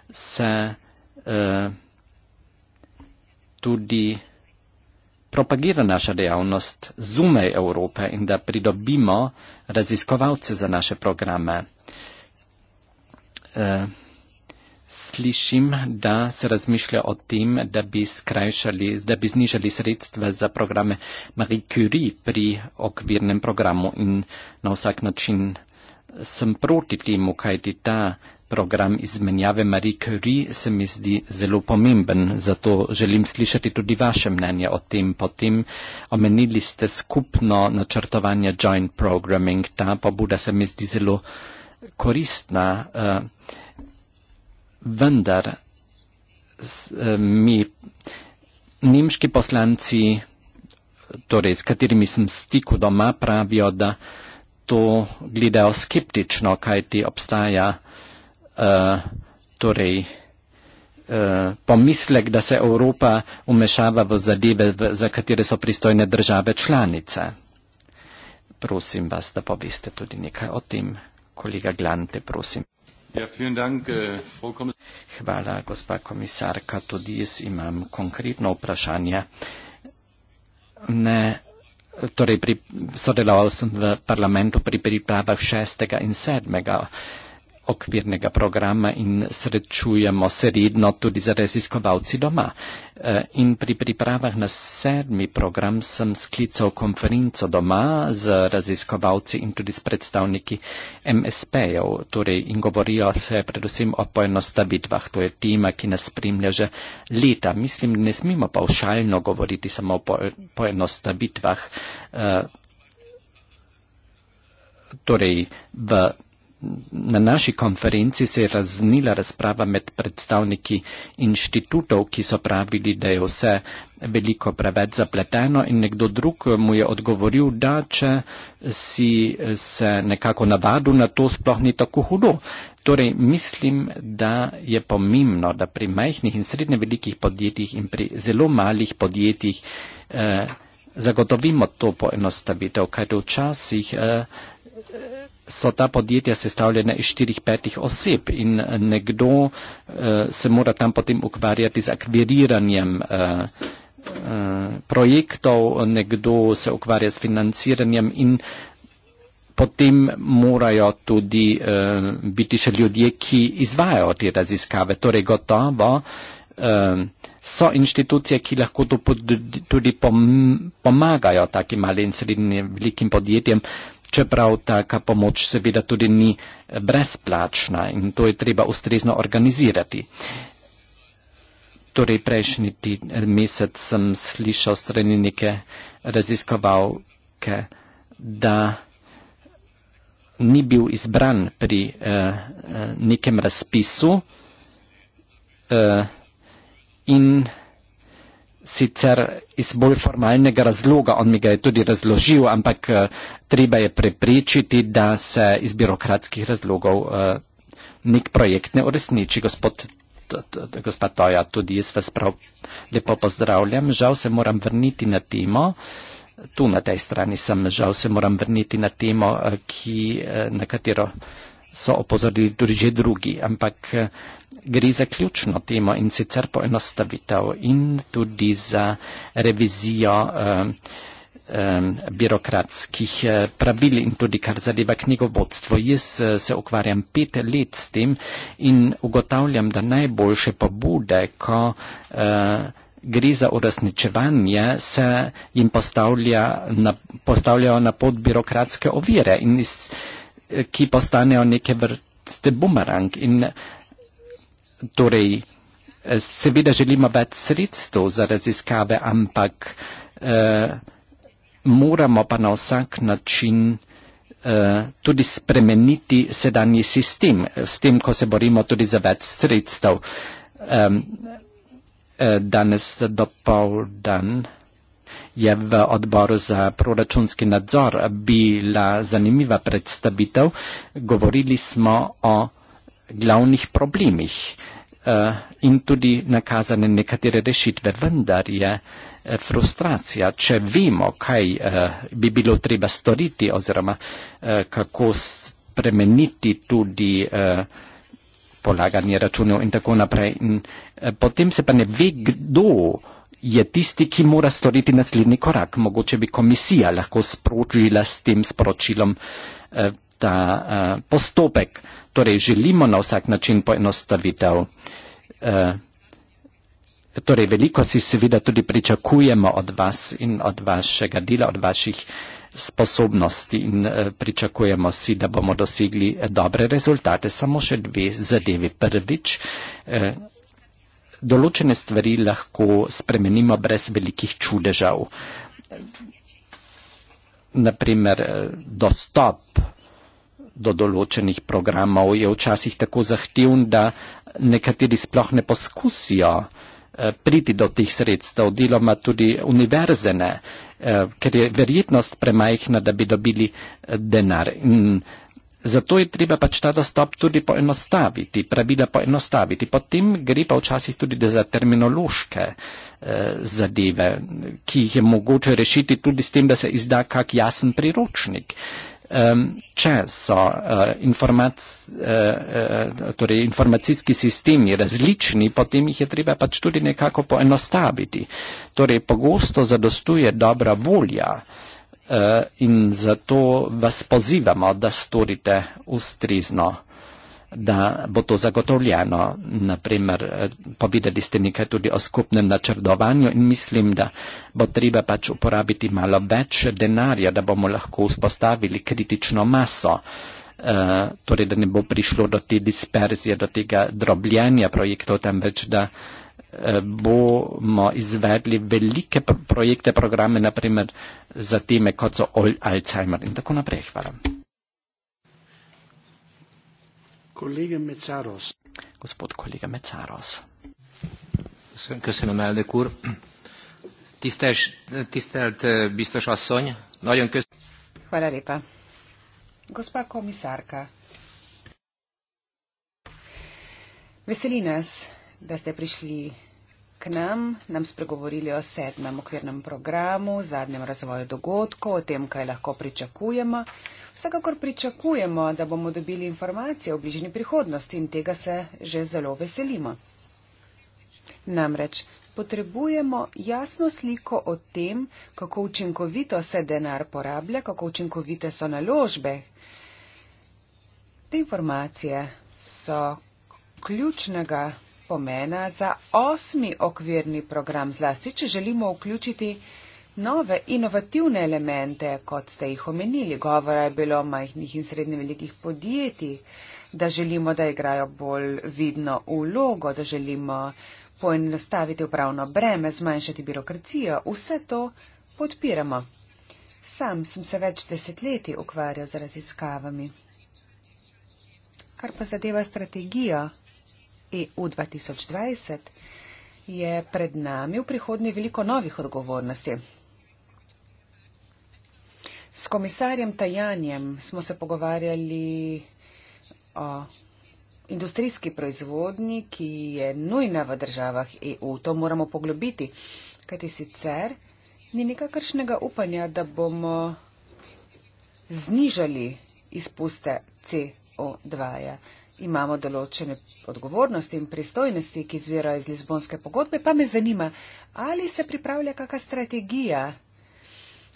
se uh, tudi propagira naša dejavnost zunaj Evrope in da pridobimo raziskovalce za naše programe. Uh, Slišim, da se razmišlja o tem, da bi, da bi znižali sredstva za programe Marie Curie pri okvirnem programu in na vsak način sem proti temu, kajti ta program izmenjave Marie Curie se mi zdi zelo pomemben. Zato želim slišati tudi vaše mnenje o tem. Potem omenili ste skupno načrtovanje joint programming. Ta pobuda se mi zdi zelo koristna. Uh, vendar eh, mi nemški poslanci, torej s katerimi sem stiku doma, pravijo, da to gledajo skeptično, kaj ti obstaja uh, torej, uh, pomislek, da se Evropa umešava v zadeve, v, za katere so pristojne države članice. Prosim vas, da poveste tudi nekaj o tem, kolega Glante, prosim. Ja, äh, Hvala, gospa komisarka. Tudi jaz imam konkretno vprašanje. Ne, torej pri, sodeloval sem v parlamentu pri pripravah šestega in sedmega okvirnega programa in srečujemo se redno tudi z raziskovalci doma. E, in pri pripravah na sedmi program sem sklical konferenco doma z raziskovalci in tudi s predstavniki MSP-jev. Torej, in govorijo se predvsem o poenostavitvah. To je tema, ki nas spremlja že leta. Mislim, ne smemo paušalno govoriti samo o poenostavitvah. E, torej, v Na naši konferenci se je raznila razprava med predstavniki inštitutov, ki so pravili, da je vse veliko preveč zapleteno in nekdo drug mu je odgovoril, da če si se nekako navadil na to, sploh ni tako hudo. Torej, mislim, da je pomembno, da pri majhnih in srednje velikih podjetjih in pri zelo malih podjetjih eh, zagotovimo to poenostavitev, kaj do včasih. Eh, so ta podjetja sestavljena iz štirih, petih oseb in eh, nekdo uh, se mora tam potem ukvarjati z akviriranjem uh, uh, projektov, nekdo se ukvarja s financiranjem in potem morajo tudi uh, biti še ljudje, ki izvajajo te raziskave. Torej gotovo uh, so inštitucije, ki lahko tudi pom pomagajo takim malim in srednjim velikim podjetjem čeprav taka pomoč seveda tudi ni brezplačna in to je treba ustrezno organizirati. Torej, prejšnji mesec sem slišal strani neke raziskovalke, da ni bil izbran pri eh, eh nekem razpisu eh, in sicer iz bolj formalnega razloga, on mi ga je tudi razložil, ampak eh, treba je prepričiti, da se iz birokratskih razlogov eh, nek projekt ne uresniči. Gospa Toja, tudi jaz vas prav lepo pozdravljam. Žal se moram vrniti na temo. Tu na tej strani sem, žal se moram vrniti na temo, eh, ki, na katero so opozorili tudi že drugi. Ampak gre za ključno temo in sicer poenostavitev in tudi za revizijo uh, birokratskih eh, pravil in tudi kar zadeva knjigovodstvo. Jaz se ukvarjam pet let s tem in ugotavljam, da najboljše pobude, ko uh, gre za uresničevanje, se jim postavlja na, postavljajo na pod birokratske ovire, in iz, ki postanejo neke vrste bumerang. In, uh, torej, eh, seveda želimo več sredstv za raziskave, ampak eh, moramo pa na vsak način eh, tudi spremeniti sedanji sistem, s tem, ko se borimo tudi za več sredstv. Eh, danes do pol dan je v odboru za proračunski nadzor bila zanimiva predstavitev. Govorili smo o glavnih problemih uh, in tudi nakazane nekatere rešitve, vendar je uh, frustracija, če vemo, kaj uh, bi bilo treba storiti oziroma uh, kako spremeniti tudi uh, polaganje računov in tako naprej. In, uh, potem se pa ne ve, kdo je tisti, ki mora storiti naslednji korak. Mogoče bi komisija lahko sprožila s tem sporočilom uh, ta uh, postopek. Uh, torej želimo na vsak način poenostavitev. Eh, torej, veliko si seveda tudi pričakujemo od vas in od vašega dela, od vaših sposobnosti in eh, pričakujemo si, da bomo dosegli dobre rezultate. Samo še dve zadeve. Prvič, eh, določene stvari lahko spremenimo brez velikih čudežav. Naprimer, dostop do določenih programov je včasih tako zahtevn, da nekateri sploh ne poskusijo eh, priti do teh sredstev, deloma tudi univerzene, eh, ker je verjetnost premajhna, da bi dobili eh, denar. In zato je treba pač ta dostop tudi poenostaviti, pravila poenostaviti. Potem gre pa včasih tudi za terminološke zadeve, ki jih je mogoče rešiti tudi s tem, da se izda kak jasen priročnik če so e, e, e, torej informacijski sistemi različni, potem jih je treba pač tudi nekako poenostaviti. Torej, pogosto zadostuje dobra volja in zato vas pozivamo, da storite ustrezno da bo to zagotovljeno. Naprimer, eh, povedali ste nekaj tudi o skupnem načrdovanju in mislim, da bo treba pač uporabiti malo več denarja, da bomo lahko vzpostavili kritično maso. Uh, torej, da ne bo prišlo do te disperzije, do tega drobljenja projektov, temveč da uh, bomo izvedli velike projekte, programe, naprimer za teme, kot so Alzheimer in tako naprej. Hvala kolege Mecaros. Gospod kolega Mecaros. Köszön, köszönöm, elnök úr. Tisztelt, tisztelt eh, biztos asszony, nagyon köszönöm. Gospa komisárka, veseli nas, da ste prišli k nam, nam spregovorili o sedmem okvirnem programu, zadnjem razvoju dogodkov, o tem, kaj lahko pričakujemo Vsekakor pričakujemo, da bomo dobili informacije o bližnji prihodnosti in tega se že zelo veselimo. Namreč potrebujemo jasno sliko o tem, kako učinkovito se denar porablja, kako učinkovite so naložbe. Te informacije so ključnega pomena za osmi okvirni program, zlasti če želimo vključiti nove inovativne elemente, kot ste jih omenili. Govora je bilo o majhnih in srednje velikih podjetjih, da želimo, da igrajo bolj vidno vlogo, da želimo poenostaviti upravno breme, zmanjšati birokracijo. Vse to podpiramo. Sam sem se več desetletij ukvarjal z raziskavami. Kar pa zadeva strategijo EU 2020, je pred nami v prihodnje veliko novih odgovornosti. S komisarjem Tajanjem smo se pogovarjali o industrijski proizvodnji, ki je nujna v državah EU. To moramo poglobiti, kajti sicer ni nikakršnega upanja, da bomo znižali izpuste CO2. -ja. Imamo določene odgovornosti in pristojnosti, ki izvirajo iz Lizbonske pogodbe, pa me zanima, ali se pripravlja kakšna strategija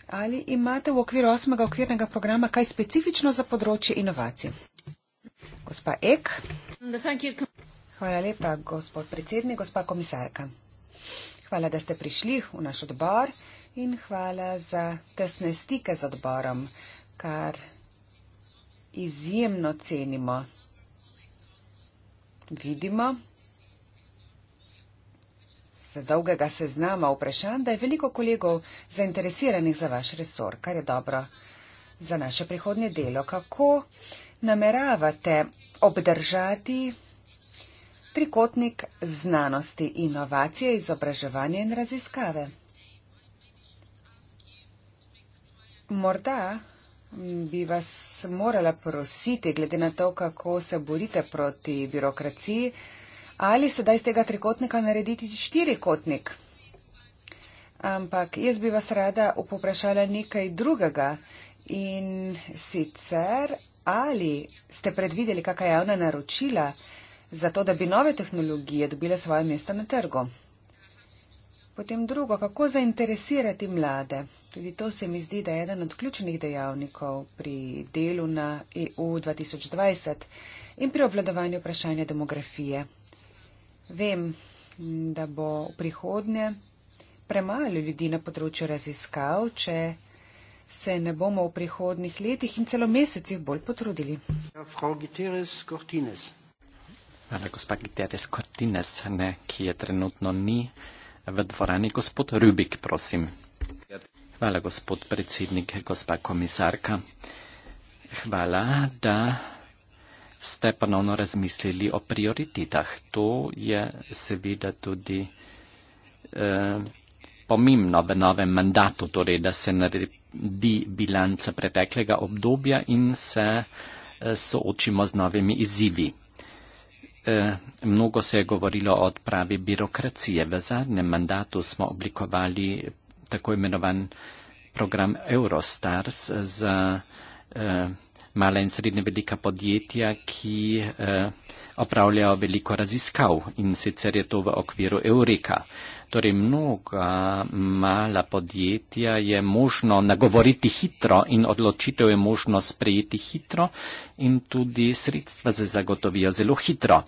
Ali imate v okviru osmega okvirnega programa kaj specifično za področje inovacij? Gospa Ek. Hvala lepa, gospod predsednik, gospa komisarka. Hvala, da ste prišli v naš odbor in hvala za tesne stike z odborom, kar izjemno cenimo. Vidimo, dolgega seznama vprašanj, da je veliko kolegov zainteresiranih za vaš resor, kar je dobro za naše prihodnje delo. Kako nameravate obdržati trikotnik znanosti, inovacije, izobraževanje in raziskave? Morda bi vas morala prositi, glede na to, kako se borite proti birokraciji, ali sedaj iz tega trikotnika narediti štirikotnik. Ampak jaz bi vas rada upoprašala nekaj drugega in sicer, ali ste predvideli kakšna javna naročila za to, da bi nove tehnologije dobile svoje mesto na trgu. Potem drugo, kako zainteresirati mlade. Tudi to se mi zdi, da je eden od ključnih dejavnikov pri delu na EU 2020 in pri obvladovanju vprašanja demografije. Vem, da bo v prihodnje premalo ljudi na področju raziskav, če se ne bomo v prihodnih letih in celo mesecih bolj potrudili. Hvala, ja, ja, gospa Giteres Cortines, ne, ki je trenutno ni v dvorani. Gospod Rubik, prosim. Hvala, gospod predsednik, gospa komisarka. Hvala, da ste ponovno razmislili o prioritetah. To je seveda tudi eh, pomembno v novem mandatu, torej da se naredi bilanca preteklega obdobja in se eh, soočimo z novimi izzivi. Eh, mnogo se je govorilo o odpravi birokracije. V zadnjem mandatu smo oblikovali tako imenovan program Eurostars za. Eh, male in srednje velika podjetja, ki eh, opravljajo veliko raziskav in sicer je to v okviru Eureka. Torej, mnoga mala podjetja je možno nagovoriti hitro in odločitev je možno sprejeti hitro in tudi sredstva se zagotovijo zelo hitro.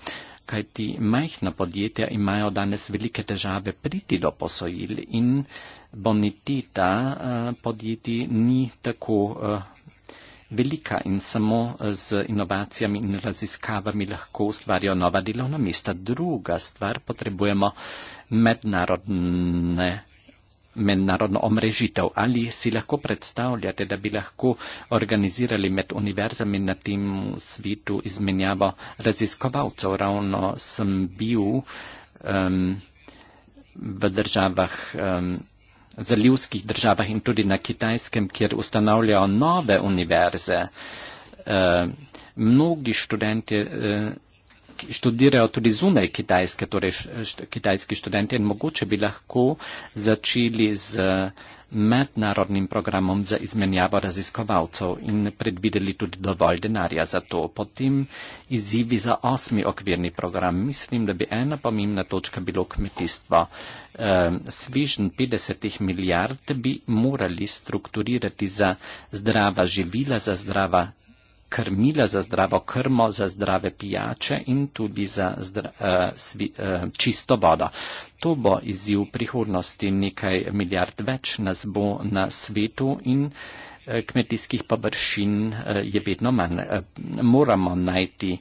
Kaj ti majhna podjetja imajo danes velike težave priti do posojil in boniteta eh, podjetij ni tako. Uh, velika in samo eh, z inovacijami in raziskavami lahko ustvarjajo nova delovna mesta. Druga stvar, potrebujemo mednarodne mednarodno omrežitev. Ali si lahko predstavljate, da bi lahko organizirali med univerzami na tem svetu izmenjavo raziskovalcev? Ravno sem bil um, v državah um, zalivskih državah in tudi na kitajskem, kjer ustanavljajo nove univerze. Eh, mnogi študenti eh, študirajo tudi zunaj Kitajske, torej kitajski študenti in mogoče bi lahko začeli z mednarodnim programom za izmenjavo raziskovalcev in predvideli tudi dovolj denarja za to. Potem izzivi za osmi okvirni program. Mislim, da bi ena pomembna točka bilo kmetijstvo. Ehm, Svižen 50 milijard bi morali strukturirati za zdrava živila, za zdrava krmila za zdravo krmo, za zdrave pijače in tudi za zdra, uh, svi, uh, čisto vodo. To bo izziv prihodnosti, nekaj milijard več nas bo na svetu in uh, Eh, kmetijskih površin eh, je vedno manj. Eh, moramo najti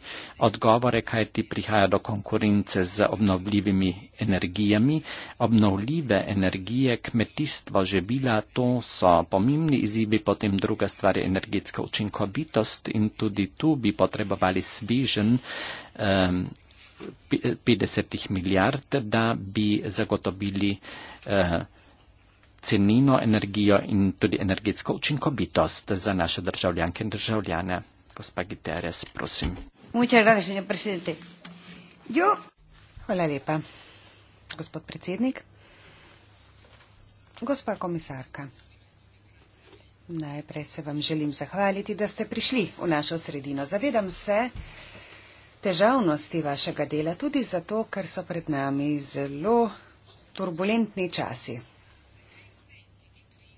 odgovore, kaj ti prihaja do konkurence z obnovljivimi energijami. Obnovljive energije, kmetijstvo, živila, to so pomembni izzivi, potem druga stvar je energetska učinkovitost in tudi tu bi potrebovali svežen. Um, ehm, 50 milijard, da bi zagotovili eh, cenino, energijo in tudi energetsko učinkovitost za naše državljanke in državljane. Gospa Giteres, prosim. Hvala lepa, gospod predsednik. Gospa komisarka, najprej se vam želim zahvaliti, da ste prišli v našo sredino. Zavedam se težavnosti vašega dela tudi zato, ker so pred nami zelo turbulentni časi.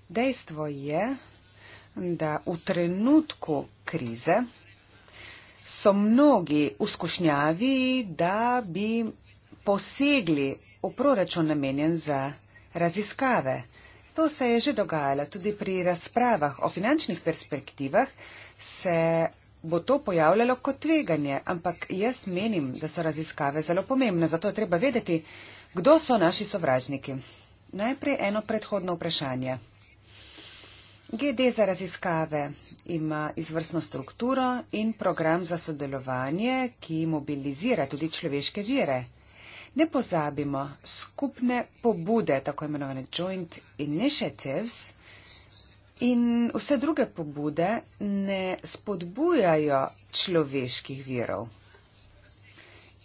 Dejstvo je, da v trenutku krize so mnogi v skušnjavi, da bi posegli v proračun namenjen za raziskave. To se je že dogajalo tudi pri razpravah o finančnih perspektivah, se bo to pojavljalo kot tveganje, ampak jaz menim, da so raziskave zelo pomembne, zato je treba vedeti, kdo so naši sovražniki. Najprej eno predhodno vprašanje. GD za raziskave ima izvrstno strukturo in program za sodelovanje, ki mobilizira tudi človeške vire. Ne pozabimo skupne pobude, tako imenovane joint initiatives, in vse druge pobude ne spodbujajo človeških virov.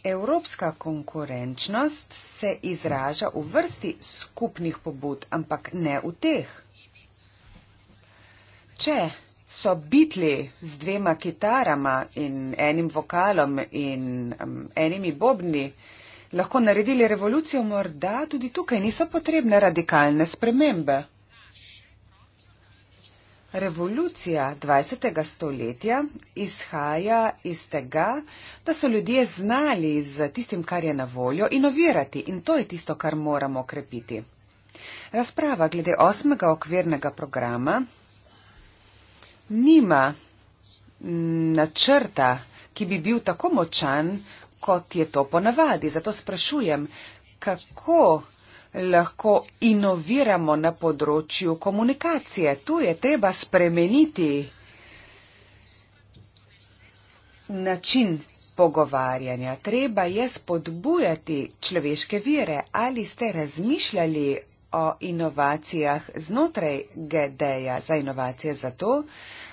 Evropska konkurenčnost se izraža v vrsti skupnih pobud, ampak ne v teh. Če so bitli z dvema kitarama in enim vokalom in um, enimi bobni lahko naredili revolucijo, morda tudi tukaj niso potrebne radikalne spremembe. Revolucija 20. stoletja izhaja iz tega, da so ljudje znali z tistim, kar je na voljo, inovirati in to je tisto, kar moramo okrepiti. Razprava glede osmega okvirnega programa nima načrta, ki bi bil tako močan, kot je to ponavadi. Zato sprašujem, kako lahko inoviramo na področju komunikacije. Tu je treba spremeniti način pogovarjanja. Treba je spodbujati človeške vire. Ali ste razmišljali o inovacijah znotraj GD-ja za inovacije zato,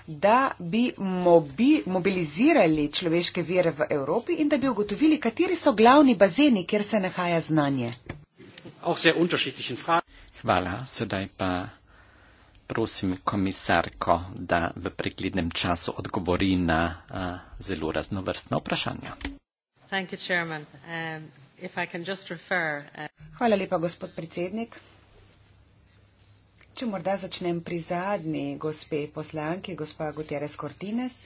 da bi mobi, mobilizirali človeške vire v Evropi in da bi ugotovili, kateri so glavni bazeni, kjer se nahaja znanje. Hvala. Sedaj pa prosim komisarko, da v preglednem času odgovori na a, zelo raznovrstna vprašanja. Um, uh, Hvala lepa, gospod predsednik. Če morda začnem pri zadnji gospe poslanki, gospa Gutierrez Cortines.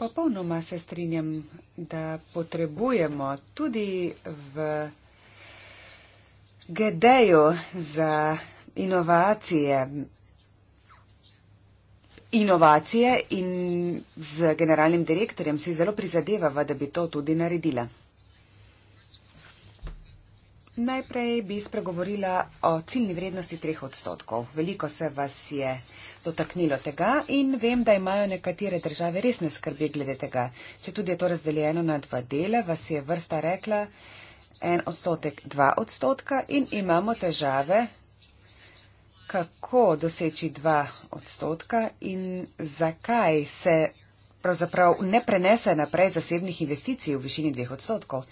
Popolnoma se strinjam, da potrebujemo tudi v GD-ju za inovacije. inovacije in z generalnim direktorjem si zelo prizadevava, da bi to tudi naredila. Najprej bi spregovorila o ciljni vrednosti treh odstotkov. Veliko se vas je dotaknilo tega in vem, da imajo nekatere države resne skrbi glede tega. Če tudi je to razdeljeno na dva dele, vas je vrsta rekla en odstotek, dva odstotka in imamo težave, kako doseči dva odstotka in zakaj se pravzaprav ne prenese naprej zasebnih investicij v višini dveh odstotkov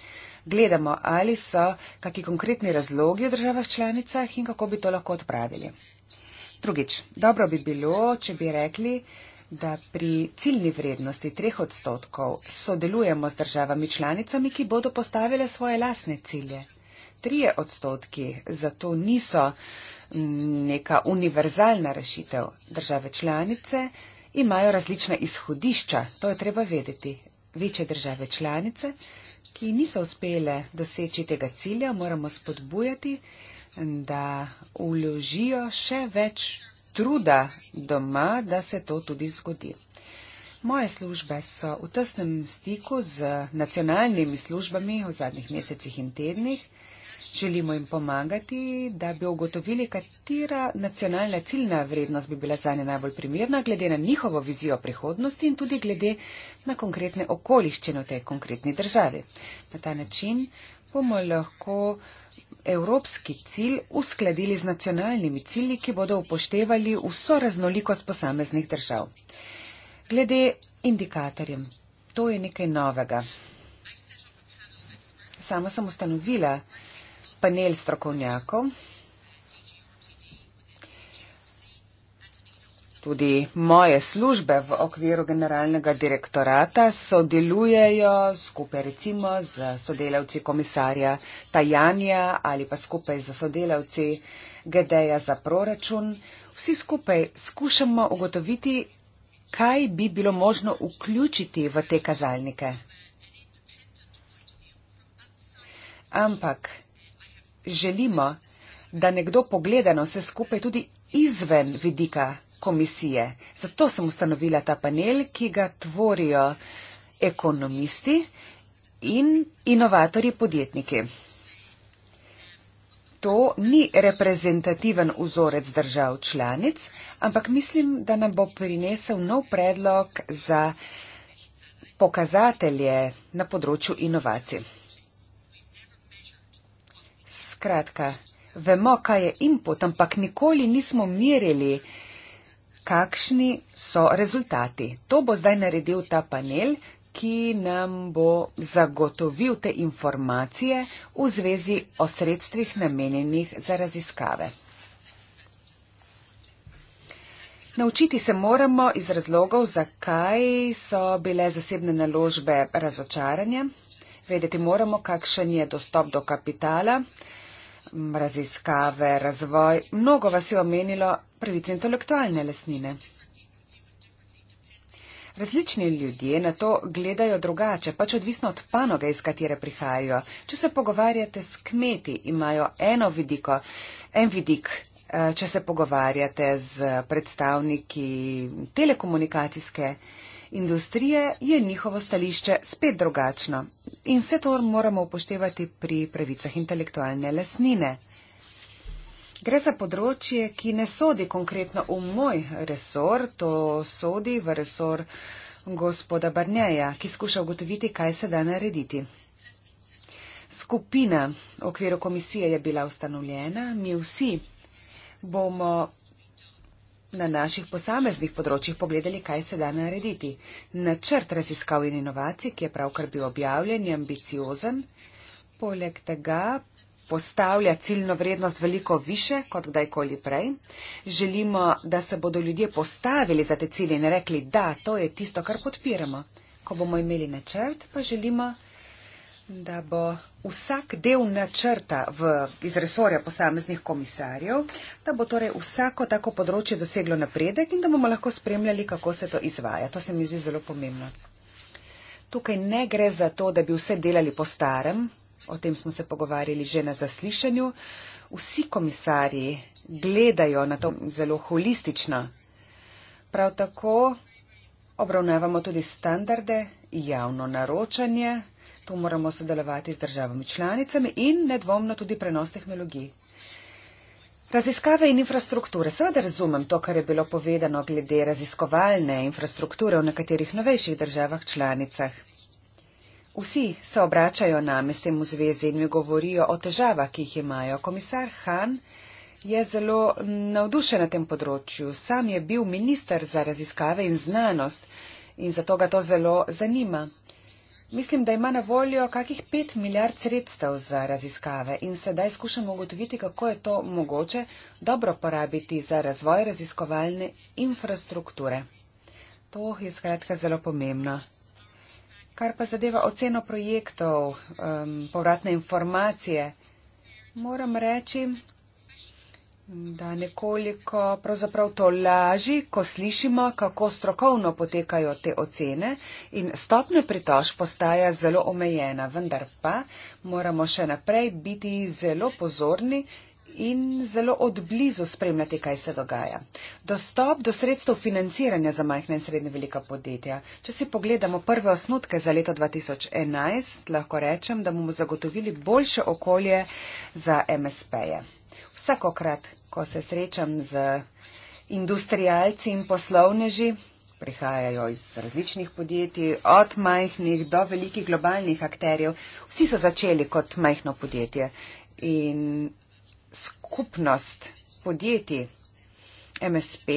gledamo, ali so kaki konkretni razlogi v državah članicah in kako bi to lahko odpravili. Drugič, dobro bi bilo, če bi rekli, da pri ciljni vrednosti treh odstotkov sodelujemo z državami članicami, ki bodo postavile svoje lasne cilje. Trije odstotki zato niso mm, neka univerzalna rešitev. Države članice imajo različna izhodišča, to je treba vedeti. Večje države članice ki niso uspele doseči tega cilja, moramo spodbujati, da uložijo še več truda doma, da se to tudi zgodi. Moje službe so v tesnem stiku z nacionalnimi službami v zadnjih mesecih in tednih. Želimo jim pomagati, da bi ugotovili, katera nacionalna ciljna vrednost bi bila zanje najbolj primerna, glede na njihovo vizijo prihodnosti in tudi glede na konkretne okoliščine v tej konkretni državi. Na ta način bomo lahko evropski cilj uskladili z nacionalnimi cilji, ki bodo upoštevali vso raznolikost posameznih držav. Glede indikatorjem, to je nekaj novega. Sama sem ustanovila panel strokovnjakov. Tudi moje službe v okviru generalnega direktorata sodelujejo skupaj recimo z sodelavci komisarja Tajanja ali pa skupaj z sodelavci GD-ja za proračun. Vsi skupaj skušamo ugotoviti, kaj bi bilo možno vključiti v te kazalnike. Ampak želimo, da nekdo pogleda na vse skupaj tudi izven vidika komisije. Zato sem ustanovila ta panel, ki ga tvorijo ekonomisti in inovatorji podjetniki. To ni reprezentativen vzorec držav članic, ampak mislim, da nam bo prinesel nov predlog za pokazatelje na področju inovacij. Skratka, vemo, kaj je input, ampak nikoli nismo merili, kakšni so rezultati. To bo zdaj naredil ta panel, ki nam bo zagotovil te informacije v zvezi o sredstvih namenjenih za raziskave. Naučiti se moramo iz razlogov, zakaj so bile zasebne naložbe razočaranje. Vedeti moramo, kakšen je dostop do kapitala, raziskave, razvoj. Mnogo vas je omenilo pravice intelektualne lesnine. Različni ljudje na to gledajo drugače, pač odvisno od panoge, iz katere prihajajo. Če se pogovarjate s kmeti, imajo eno vidiko, en vidik. Eh, če se pogovarjate z predstavniki telekomunikacijske industrije, je njihovo stališče spet drugačno. In vse to moramo upoštevati pri pravicah intelektualne lasnine. Gre za področje, ki ne sodi konkretno v moj resor, to sodi v resor gospoda Barneja, ki skuša ugotoviti, kaj se da narediti. Skupina v okviru komisije je bila ustanovljena, mi vsi bomo na naših posameznih področjih pogledali, kaj se da narediti. Načrt raziskav in inovacij, ki je pravkar bil objavljen, je ambiciozen. Poleg tega postavlja ciljno vrednost veliko više kot kdajkoli prej. Želimo, da se bodo ljudje postavili za te cilje in rekli, da, to je tisto, kar podpiramo. Ko bomo imeli načrt, pa želimo, da bo vsak del načrta v, iz resorja posameznih komisarjev, da bo torej vsako tako področje doseglo napredek in da bomo lahko spremljali, kako se to izvaja. To se mi zdi zelo pomembno. Tukaj ne gre za to, da bi vse delali po starem, o tem smo se pogovarjali že na zaslišanju. Vsi komisarji gledajo na to zelo holistično. Prav tako obravnavamo tudi standarde, javno naročanje, Tu moramo sodelovati z državami članicami in nedvomno tudi prenos tehnologij. Raziskave in infrastrukture. Seveda razumem to, kar je bilo povedano glede raziskovalne infrastrukture v nekaterih novejših državah članicah. Vsi se obračajo name s tem v zvezi in mi govorijo o težavah, ki jih imajo. Komisar Han je zelo navdušen na tem področju. Sam je bil minister za raziskave in znanost in zato ga to zelo zanima. Mislim, da ima na voljo kakih pet milijard sredstev za raziskave in sedaj skušamo ugotoviti, kako je to mogoče dobro porabiti za razvoj raziskovalne infrastrukture. To je skratka zelo pomembno. Kar pa zadeva oceno projektov, um, povratne informacije, moram reči, da nekoliko pravzaprav to laži, ko slišimo, kako strokovno potekajo te ocene in stopnja pritož postaja zelo omejena, vendar pa moramo še naprej biti zelo pozorni in zelo odblizu spremljati, kaj se dogaja. Dostop do sredstev financiranja za majhna in srednje velika podjetja. Če si pogledamo prve osnutke za leto 2011, lahko rečem, da bomo zagotovili boljše okolje za MSP-je. Vsakokrat, ko se srečam z industrijalci in poslovneži, prihajajo iz različnih podjetij, od majhnih do velikih globalnih akterjev. Vsi so začeli kot majhno podjetje in skupnost podjetij MSP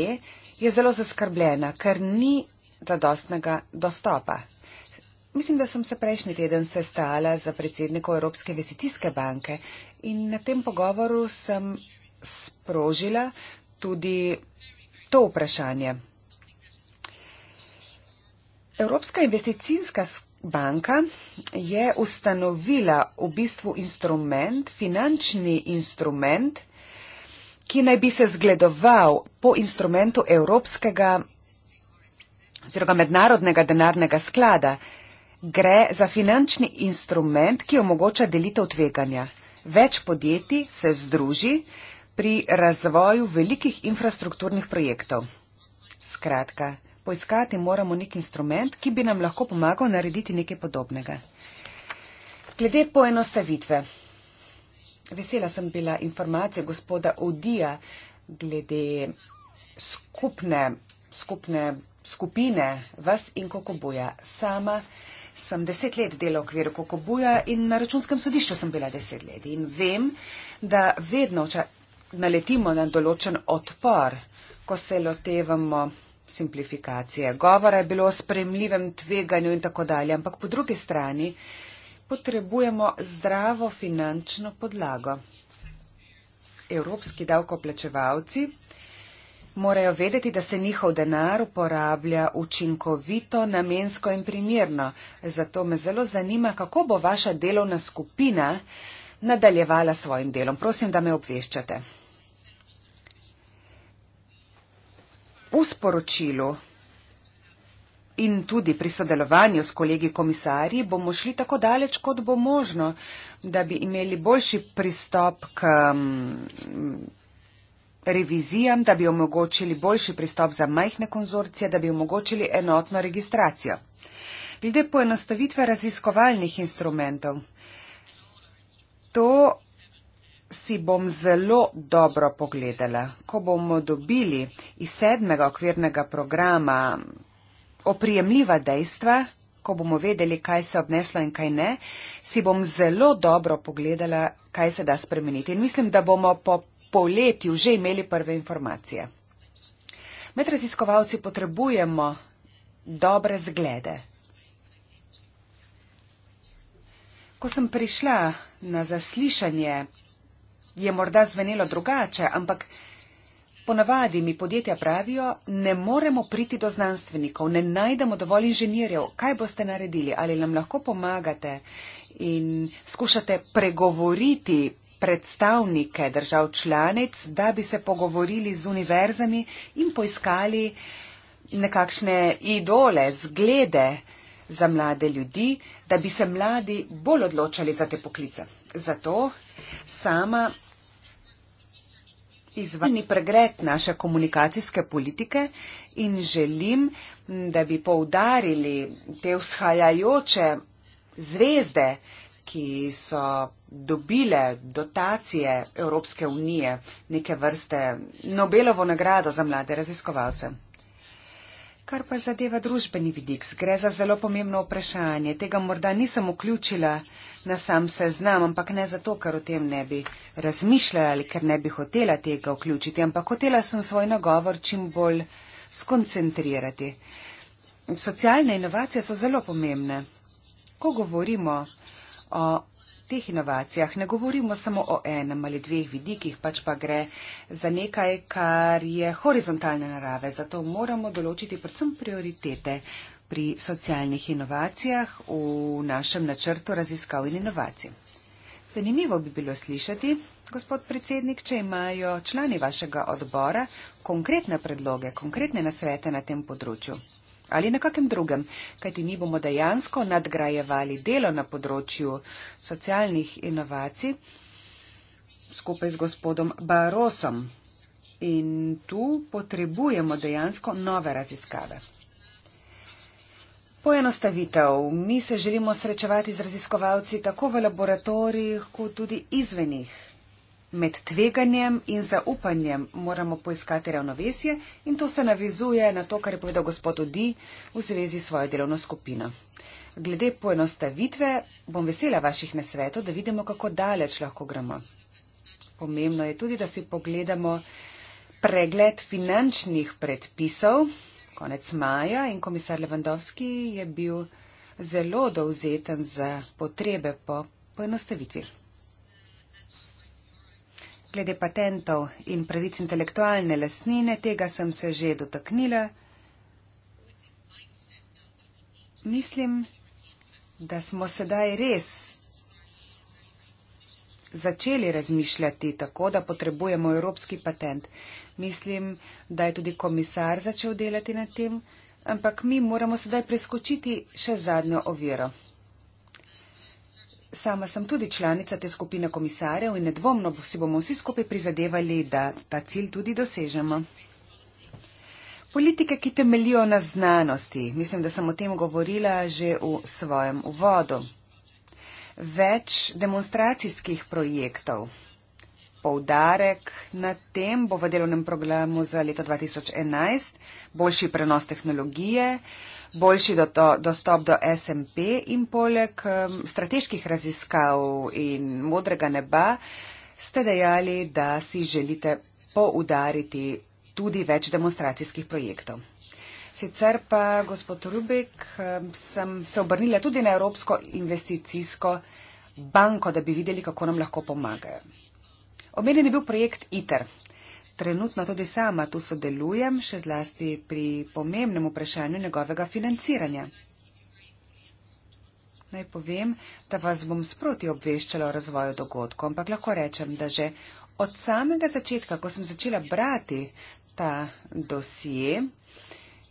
je zelo zaskrbljena, ker ni zadostnega dostopa. Mislim, da sem se prejšnji teden sestala za predsednikov Evropske investicijske banke in na tem pogovoru sem sprožila tudi to vprašanje. Evropska investicijska banka je ustanovila v bistvu instrument, finančni instrument, ki naj bi se zgledoval po instrumentu Evropskega oziroma mednarodnega denarnega sklada. Gre za finančni instrument, ki omogoča delitev tveganja. Več podjetij se združi pri razvoju velikih infrastrukturnih projektov. Skratka, poiskati moramo nek instrument, ki bi nam lahko pomagal narediti nekaj podobnega. Glede poenostavitve. Vesela sem bila informacije gospoda Odija glede skupne, skupne skupine vas in Kokobuja. Sama sem deset let delal v okviru Kokobuja in na računskem sodišču sem bila deset let in vem, da vedno, naletimo na določen odpor, ko se lotevamo simplifikacije. Govora je bilo o spremljivem tveganju in tako dalje, ampak po drugi strani potrebujemo zdravo finančno podlago. Evropski davkoplačevalci morajo vedeti, da se njihov denar uporablja učinkovito, namensko in primirno. Zato me zelo zanima, kako bo vaša delovna skupina nadaljevala s svojim delom. Prosim, da me obveščate. V sporočilu in tudi pri sodelovanju s kolegi komisarji bomo šli tako daleč, kot bo možno, da bi imeli boljši pristop k mm, revizijam, da bi omogočili boljši pristop za majhne konzorcije, da bi omogočili enotno registracijo. Glede poenostavitve raziskovalnih instrumentov to si bom zelo dobro pogledala, ko bomo dobili iz sedmega okvirnega programa oprijemljiva dejstva, ko bomo vedeli, kaj se obneslo in kaj ne, si bom zelo dobro pogledala, kaj se da spremeniti. In mislim, da bomo po poletju že imeli prve informacije. Med raziskovalci potrebujemo dobre zglede, Ko sem prišla na zaslišanje, je morda zvenelo drugače, ampak ponavadi mi podjetja pravijo, ne moremo priti do znanstvenikov, ne najdemo dovolj inženirjev. Kaj boste naredili? Ali nam lahko pomagate in skušate pregovoriti predstavnike držav članic, da bi se pogovorili z univerzami in poiskali nekakšne idole, zglede za mlade ljudi? da bi se mladi bolj odločali za te poklice. Zato sama izvajalni pregred naše komunikacijske politike in želim, da bi poudarili te vzhajajoče zvezde, ki so dobile dotacije Evropske unije, neke vrste Nobelovo nagrado za mlade raziskovalce. Kar pa zadeva družbeni vidik, gre za zelo pomembno vprašanje. Tega morda nisem vključila na sam seznam, ampak ne zato, ker o tem ne bi razmišljala ali ker ne bi hotela tega vključiti, ampak hotela sem svoj nagovor čim bolj skoncentrirati. Socialne inovacije so zelo pomembne. Ko govorimo o teh inovacijah ne govorimo samo o enem ali dveh vidikih, pač pa gre za nekaj, kar je horizontalne narave. Zato moramo določiti predvsem prioritete pri socialnih inovacijah v našem načrtu raziskav in inovacij. Zanimivo bi bilo slišati, gospod predsednik, če imajo člani vašega odbora konkretne predloge, konkretne nasvete na tem področju ali na kakem drugem, kajti mi bomo dejansko nadgrajevali delo na področju socialnih inovacij skupaj z gospodom Barosom. In tu potrebujemo dejansko nove raziskave. Poenostavitev. Mi se želimo srečevati z raziskovalci tako v laboratorijih, kot tudi izvenih Med tveganjem in zaupanjem moramo poiskati ravnovesje in to se navizuje na to, kar je povedal gospod Odi v zvezi s svojo delovno skupino. Glede poenostavitve bom vesela vaših nasvetov, da vidimo, kako daleč lahko gremo. Pomembno je tudi, da si pogledamo pregled finančnih predpisov. Konec maja in komisar Levandovski je bil zelo dovzeten za potrebe po poenostavitvi glede patentov in pravic intelektualne lasnine, tega sem se že dotaknila. Mislim, da smo sedaj res začeli razmišljati tako, da potrebujemo evropski patent. Mislim, da je tudi komisar začel delati na tem, ampak mi moramo sedaj preskočiti še zadnjo oviro. Sama sem tudi članica te skupine komisarjev in nedvomno si bomo vsi skupaj prizadevali, da ta cilj tudi dosežemo. Politike, ki temelijo na znanosti, mislim, da sem o tem govorila že v svojem uvodu. Več demonstracijskih projektov. Poudarek na tem bo v delovnem programu za leto 2011, boljši prenos tehnologije, boljši dostop do SMP in poleg um, strateških raziskav in modrega neba ste dejali, da si želite poudariti tudi več demonstracijskih projektov. Sicer pa, gospod Rubik, um, sem se obrnila tudi na Evropsko investicijsko banko, da bi videli, kako nam lahko pomagajo. Omenjen je bil projekt ITER trenutno tudi sama tu sodelujem, še zlasti pri pomembnem vprašanju njegovega financiranja. Naj povem, da vas bom sproti obveščala o razvoju dogodkov, ampak lahko rečem, da že od samega začetka, ko sem začela brati ta dosije,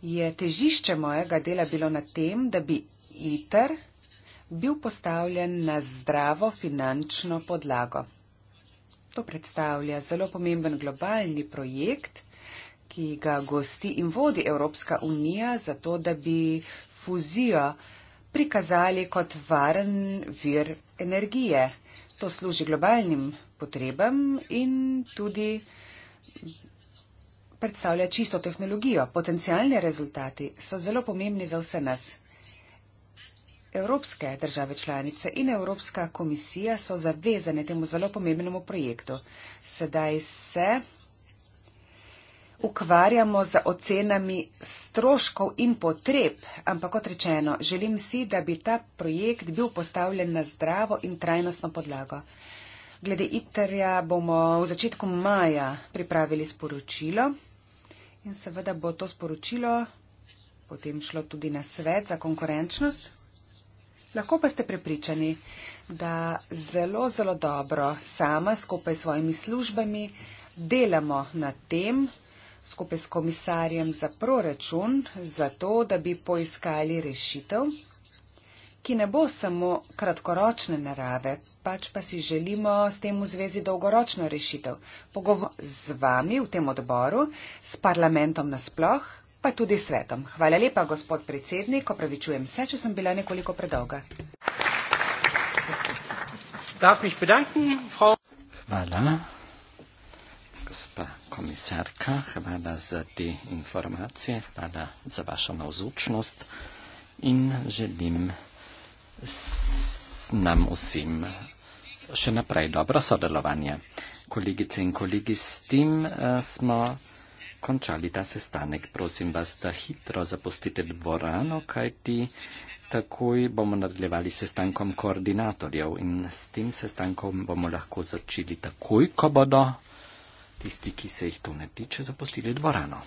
je težišče mojega dela bilo na tem, da bi ITR bil postavljen na zdravo finančno podlago. To predstavlja zelo pomemben globalni projekt, ki ga gosti in vodi Evropska unija, zato da bi fuzijo prikazali kot varen vir energije. To služi globalnim potrebam in tudi predstavlja čisto tehnologijo. Potencijalne rezultati so zelo pomembni za vse nas. Evropske države članice in Evropska komisija so zavezane temu zelo pomembnemu projektu. Sedaj se ukvarjamo z ocenami stroškov in potreb, ampak kot rečeno, želim si, da bi ta projekt bil postavljen na zdravo in trajnostno podlago. Glede ITER-ja bomo v začetku maja pripravili sporočilo in seveda bo to sporočilo potem šlo tudi na svet za konkurenčnost. Lahko pa ste prepričani, da zelo, zelo dobro sama skupaj s svojimi službami delamo na tem, skupaj s komisarjem za proračun, zato, da bi poiskali rešitev, ki ne bo samo kratkoročne narave, pač pa si želimo s tem v zvezi dolgoročno rešitev. Pogovor z vami v tem odboru, s parlamentom nasploh pa tudi svetom. Hvala lepa, gospod predsednik. Opravičujem se, če sem bila nekoliko predolga. Hvala. Gospa komisarka, hvala za te informacije, hvala za vašo navzučnost in želim nam vsem še naprej dobro sodelovanje. Kolegice in kolegi, s tem eh, smo končali ta sestanek. Prosim vas, da hitro zapustite dvorano, kajti takoj bomo nadaljevali sestankom koordinatorjev in s tem sestankom bomo lahko začeli takoj, ko bodo tisti, ki se jih to ne tiče, zapustili dvorano.